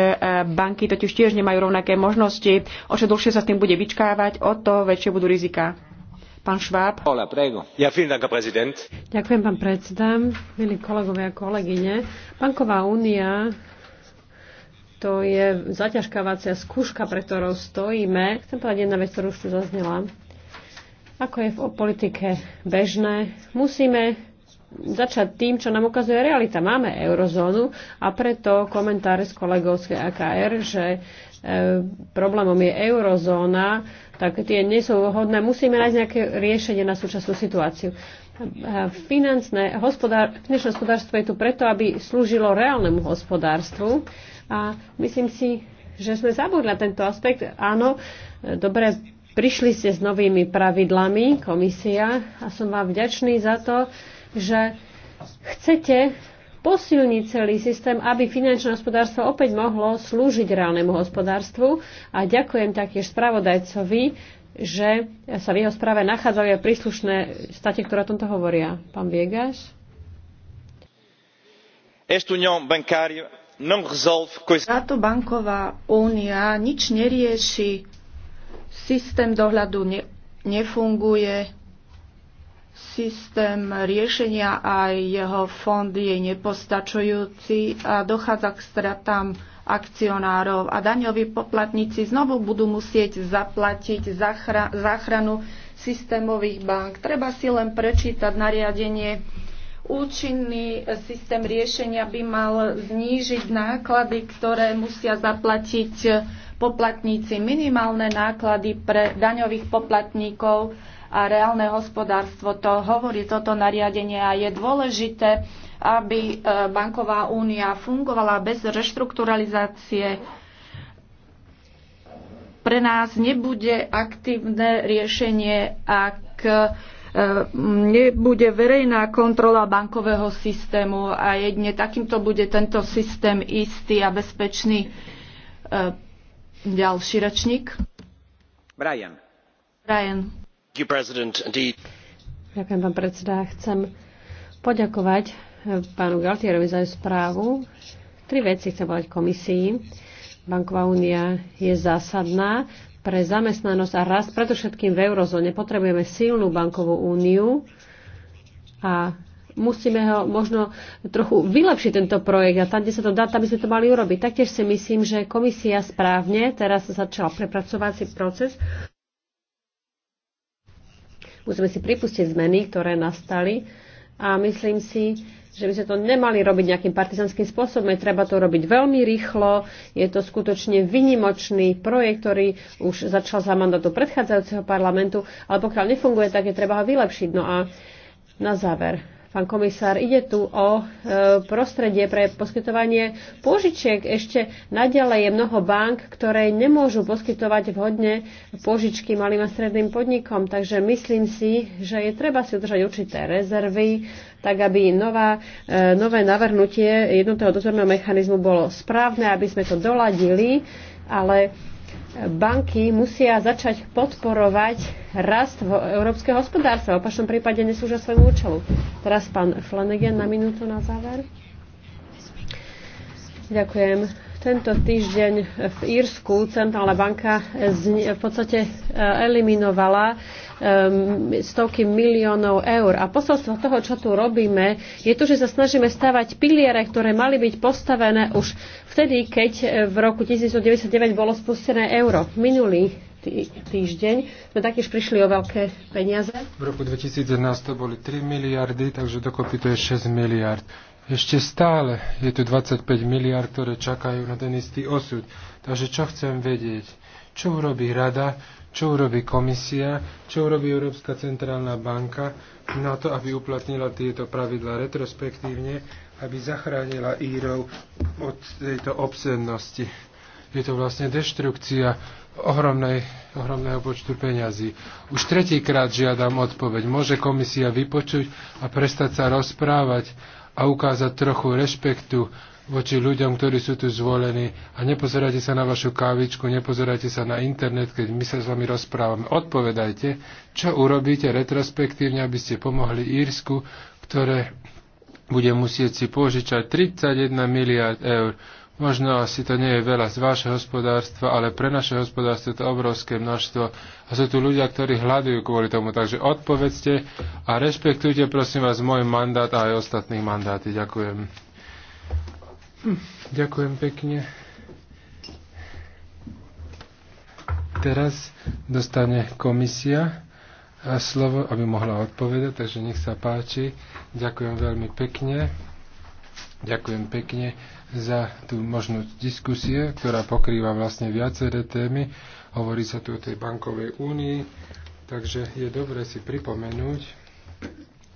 banky totiž tiež nemajú rovnaké možnosti. O čo dlhšie sa s tým bude vyčkávať, o to väčšie budú rizika. Pán Šváb. Hola, prego. Ja, Dank, prezident. Ďakujem, pán predseda, milí kolegovia a kolegyne. Banková únia to je zaťažkávacia skúška, pre ktorou stojíme. Chcem povedať jedna vec, ktorú už tu zaznela. Ako je v politike bežné, musíme začať tým, čo nám ukazuje realita. Máme eurozónu a preto komentár z kolegov z AKR, že e, problémom je eurozóna, tak tie nie sú vhodné. Musíme nájsť nejaké riešenie na súčasnú situáciu. E, finančné hospodár, hospodárstvo je tu preto, aby slúžilo reálnemu hospodárstvu a myslím si, že sme zabudli na tento aspekt. Áno, e, dobre, prišli ste s novými pravidlami komisia a som vám vďačný za to, že chcete posilniť celý systém, aby finančné hospodárstvo opäť mohlo slúžiť reálnemu hospodárstvu. A ďakujem taktiež spravodajcovi, že sa v jeho správe nachádzajú aj príslušné state, ktoré o tomto hovoria. Pán Biegaš? Táto banková únia nič nerieši, systém dohľadu ne, nefunguje, Systém riešenia a jeho fond je nepostačujúci a dochádza k stratám akcionárov a daňoví poplatníci znovu budú musieť zaplatiť záchranu systémových bank. Treba si len prečítať nariadenie. Účinný systém riešenia by mal znížiť náklady, ktoré musia zaplatiť poplatníci, minimálne náklady pre daňových poplatníkov a reálne hospodárstvo. To hovorí toto nariadenie a je dôležité, aby e, banková únia fungovala bez reštrukturalizácie. Pre nás nebude aktívne riešenie, ak e, nebude verejná kontrola bankového systému a jedne takýmto bude tento systém istý a bezpečný. E, ďalší rečník. Brian. Brian. Ďakujem, pán predseda. Chcem poďakovať pánu Galtierovi za jeho správu. Tri veci chcem povedať komisii. Banková únia je zásadná pre zamestnanosť a rast, predovšetkým v eurozóne. Potrebujeme silnú bankovú úniu a musíme ho možno trochu vylepšiť tento projekt a tam, kde sa to dá, tam by sme to mali urobiť. Taktiež si myslím, že komisia správne teraz začala prepracovací proces Musíme si pripustiť zmeny, ktoré nastali a myslím si, že by sme to nemali robiť nejakým partizanským spôsobom. Je treba to robiť veľmi rýchlo. Je to skutočne vynimočný projekt, ktorý už začal za mandátu predchádzajúceho parlamentu, ale pokiaľ nefunguje, tak je treba ho vylepšiť. No a na záver, pán komisár, ide tu o e, prostredie pre poskytovanie požičiek. Ešte naďalej je mnoho bank, ktoré nemôžu poskytovať vhodne požičky malým a stredným podnikom. Takže myslím si, že je treba si udržať určité rezervy, tak aby nová, e, nové navrhnutie jednotného dozorného mechanizmu bolo správne, aby sme to doladili, ale banky musia začať podporovať rast európskeho hospodárstva. V opačnom prípade nesúžia svojmu účelu. Teraz pán Flanagan na minútu na záver. Ďakujem. Tento týždeň v Írsku Centrálna banka v podstate eh, eliminovala Ehm, stovky miliónov eur. A posolstvo toho, čo tu robíme, je to, že sa snažíme stavať piliere, ktoré mali byť postavené už vtedy, keď e, v roku 1999 bolo spustené euro. Minulý týždeň sme taktiež prišli o veľké peniaze. V roku 2011 to boli 3 miliardy, takže dokopy to je 6 miliard. Ešte stále je tu 25 miliard, ktoré čakajú na ten istý osud. Takže čo chcem vedieť? Čo urobí rada, čo urobí komisia? Čo urobí Európska centrálna banka na to, aby uplatnila tieto pravidla retrospektívne, aby zachránila Írov od tejto obsednosti? Je to vlastne deštrukcia ohromnej, ohromného počtu peňazí. Už tretíkrát žiadam odpoveď. Môže komisia vypočuť a prestať sa rozprávať a ukázať trochu rešpektu voči ľuďom, ktorí sú tu zvolení a nepozerajte sa na vašu kávičku, nepozerajte sa na internet, keď my sa s vami rozprávame. Odpovedajte, čo urobíte retrospektívne, aby ste pomohli Írsku, ktoré bude musieť si požičať 31 miliard eur. Možno asi to nie je veľa z vášho hospodárstva, ale pre naše hospodárstvo je to obrovské množstvo. A sú tu ľudia, ktorí hľadujú kvôli tomu. Takže odpovedzte a rešpektujte prosím vás môj mandát a aj ostatných mandáty. Ďakujem. Ďakujem pekne. Teraz dostane komisia slovo, aby mohla odpovedať, takže nech sa páči. Ďakujem veľmi pekne. Ďakujem pekne za tú možnosť diskusie, ktorá pokrýva vlastne viaceré témy. Hovorí sa tu o tej bankovej únii, takže je dobre si pripomenúť,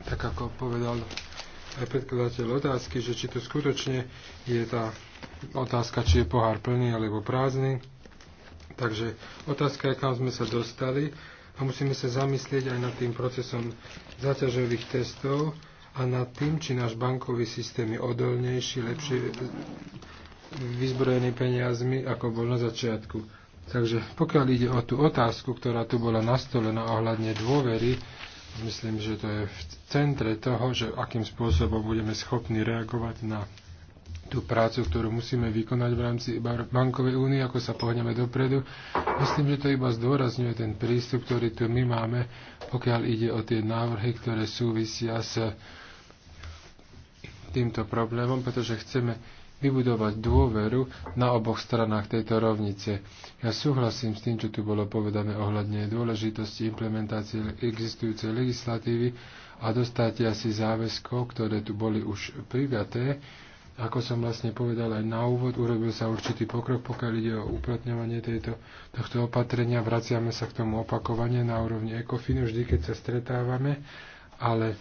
tak ako povedal aj predkladateľ otázky, že či to skutočne je tá otázka, či je pohár plný alebo prázdny. Takže otázka je, kam sme sa dostali a musíme sa zamyslieť aj nad tým procesom zaťažových testov a nad tým, či náš bankový systém je odolnejší, lepšie vyzbrojený peniazmi, ako bol na začiatku. Takže pokiaľ ide o tú otázku, ktorá tu bola nastolená no ohľadne dôvery Myslím, že to je v centre toho, že akým spôsobom budeme schopní reagovať na tú prácu, ktorú musíme vykonať v rámci bankovej únie, ako sa pohneme dopredu. Myslím, že to iba zdôrazňuje ten prístup, ktorý tu my máme, pokiaľ ide o tie návrhy, ktoré súvisia s týmto problémom, pretože chceme vybudovať dôveru na oboch stranách tejto rovnice. Ja súhlasím s tým, čo tu bolo povedané ohľadne dôležitosti implementácie existujúcej legislatívy a dostatia si záväzkov, ktoré tu boli už priviaté. Ako som vlastne povedal aj na úvod, urobil sa určitý pokrok, pokiaľ ide o uplatňovanie tejto, tohto opatrenia. Vraciame sa k tomu opakovane na úrovni ECOFIN, vždy, keď sa stretávame, ale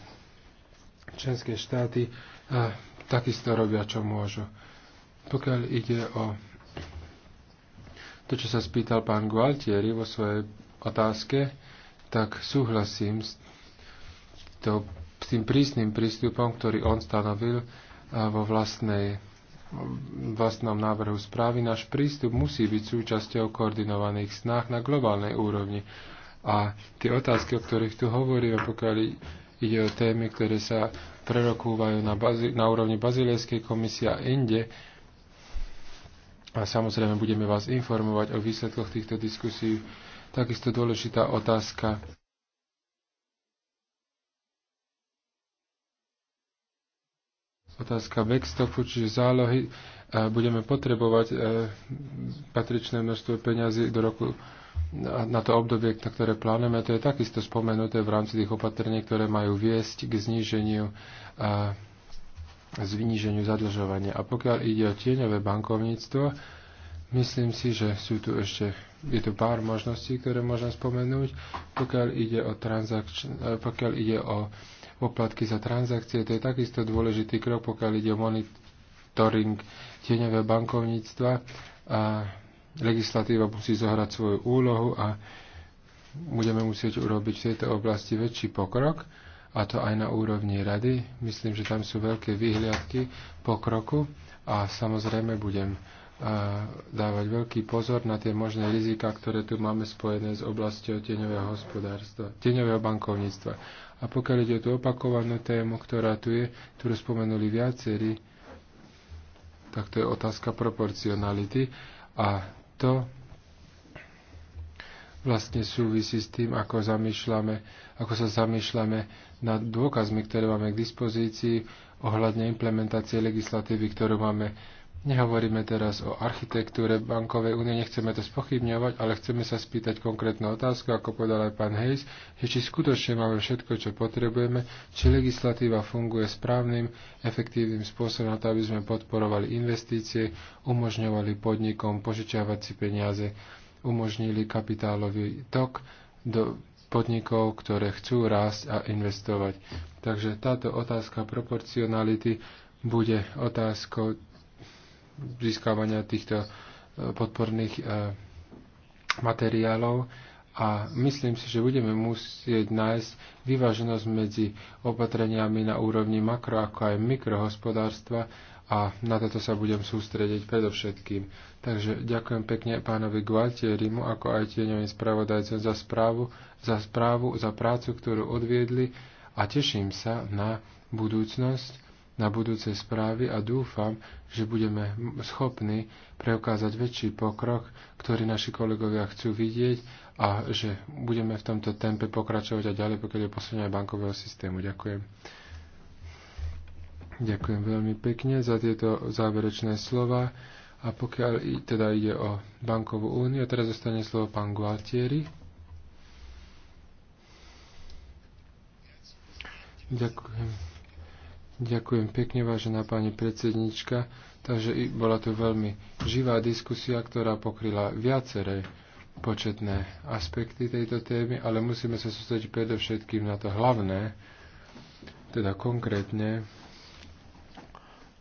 členské štáty eh, takisto robia, čo môžu. Pokiaľ ide o to, čo sa spýtal pán Gualtieri vo svojej otázke, tak súhlasím s, to, s tým prísnym prístupom, ktorý on stanovil vo vlastnej vlastnom návrhu správy, náš prístup musí byť súčasťou koordinovaných snah na globálnej úrovni. A tie otázky, o ktorých tu hovoríme, pokiaľ ide o témy, ktoré sa prerokúvajú na, bazi- na úrovni Bazilejskej komisie a inde, a samozrejme budeme vás informovať o výsledkoch týchto diskusí. Takisto dôležitá otázka. Otázka backstopu, čiže zálohy. Budeme potrebovať e, patričné množstvo peňazí do roku na to obdobie, na ktoré plánujeme. To je takisto spomenuté v rámci tých opatrení, ktoré majú viesť k zníženiu zvýniženiu zadlžovania. A pokiaľ ide o tieňové bankovníctvo, myslím si, že sú tu ešte, je tu pár možností, ktoré môžem spomenúť. Pokiaľ ide o, transakč, e, pokiaľ ide o poplatky za transakcie, to je takisto dôležitý krok, pokiaľ ide o monitoring tieňové bankovníctva. A legislatíva musí zohrať svoju úlohu a budeme musieť urobiť v tejto oblasti väčší pokrok a to aj na úrovni rady. Myslím, že tam sú veľké výhľadky pokroku a samozrejme budem e, dávať veľký pozor na tie možné rizika, ktoré tu máme spojené s oblasťou tieňového hospodárstva, tieňového bankovníctva. A pokiaľ ide o tú opakovanú tému, ktorá tu je, ktorú spomenuli viacerí, tak to je otázka proporcionality a to vlastne súvisí s tým, ako, zamýšľame, ako sa zamýšľame nad dôkazmi, ktoré máme k dispozícii ohľadne implementácie legislatívy, ktorú máme. Nehovoríme teraz o architektúre bankovej únie, nechceme to spochybňovať, ale chceme sa spýtať konkrétnu otázku, ako povedal aj pán Hayes, že či skutočne máme všetko, čo potrebujeme, či legislatíva funguje správnym, efektívnym spôsobom na to, aby sme podporovali investície, umožňovali podnikom požičiavať si peniaze, umožnili kapitálový tok do podnikov, ktoré chcú rásť a investovať. Takže táto otázka proporcionality bude otázkou získavania týchto e, podporných e, materiálov a myslím si, že budeme musieť nájsť vyváženosť medzi opatreniami na úrovni makro ako aj mikrohospodárstva a na toto sa budem sústrediť predovšetkým. Takže ďakujem pekne pánovi Gualtierimu, ako aj tieňovým spravodajcom za správu, za správu, za prácu, ktorú odviedli a teším sa na budúcnosť, na budúce správy a dúfam, že budeme schopní preukázať väčší pokrok, ktorý naši kolegovia chcú vidieť a že budeme v tomto tempe pokračovať a ďalej, pokiaľ je posledná bankového systému. Ďakujem. Ďakujem veľmi pekne za tieto záverečné slova. A pokiaľ teda ide o bankovú úniu, teraz zostane slovo pán Gualtieri. Ďakujem. Ďakujem pekne, vážená pani predsednička. Takže bola to veľmi živá diskusia, ktorá pokryla viaceré početné aspekty tejto témy, ale musíme sa sústrediť predovšetkým na to hlavné, teda konkrétne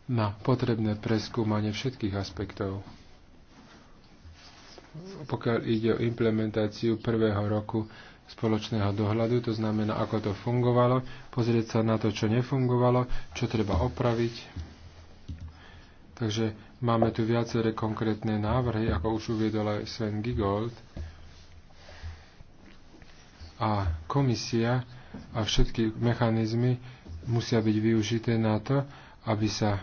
na potrebné preskúmanie všetkých aspektov. Pokiaľ ide o implementáciu prvého roku spoločného dohľadu, to znamená, ako to fungovalo, pozrieť sa na to, čo nefungovalo, čo treba opraviť. Takže máme tu viaceré konkrétne návrhy, ako už uviedol aj Sven Gigold. A komisia a všetky mechanizmy musia byť využité na to, aby sa e,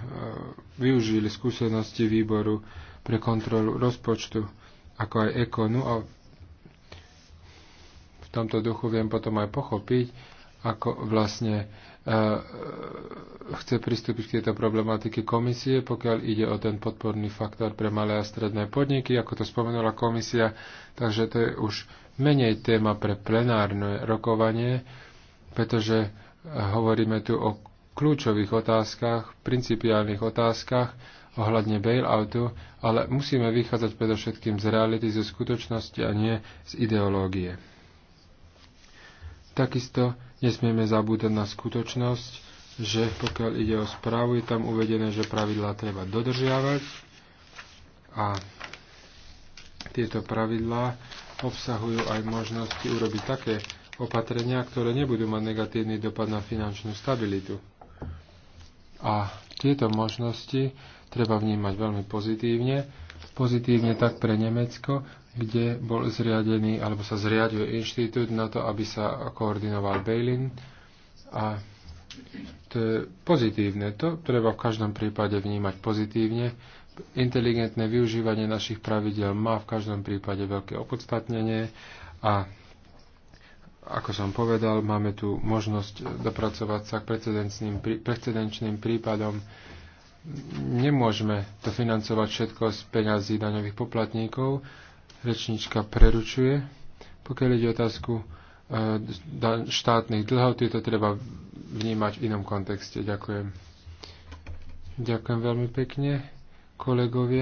využili skúsenosti výboru pre kontrolu rozpočtu, ako aj ekonu. A v tomto duchu viem potom aj pochopiť, ako vlastne e, e, chce pristúpiť k tejto problematike komisie, pokiaľ ide o ten podporný faktor pre malé a stredné podniky, ako to spomenula komisia, takže to je už menej téma pre plenárne rokovanie, pretože hovoríme tu o kľúčových otázkach, principiálnych otázkach ohľadne bailoutu, ale musíme vychádzať predovšetkým z reality, zo skutočnosti a nie z ideológie. Takisto nesmieme zabúdať na skutočnosť, že pokiaľ ide o správu, je tam uvedené, že pravidlá treba dodržiavať a tieto pravidlá obsahujú aj možnosti urobiť také opatrenia, ktoré nebudú mať negatívny dopad na finančnú stabilitu. A tieto možnosti treba vnímať veľmi pozitívne. Pozitívne tak pre Nemecko, kde bol zriadený, alebo sa zriadil inštitút na to, aby sa koordinoval Bailin. A to je pozitívne. To treba v každom prípade vnímať pozitívne. Inteligentné využívanie našich pravidel má v každom prípade veľké opodstatnenie a ako som povedal, máme tu možnosť dopracovať sa k precedenčným, precedenčným prípadom. Nemôžeme to financovať všetko z peňazí daňových poplatníkov. Rečnička preručuje. Pokiaľ ide otázku e, štátnych dlhov, tieto treba vnímať v inom kontexte. Ďakujem. Ďakujem veľmi pekne, kolegovia.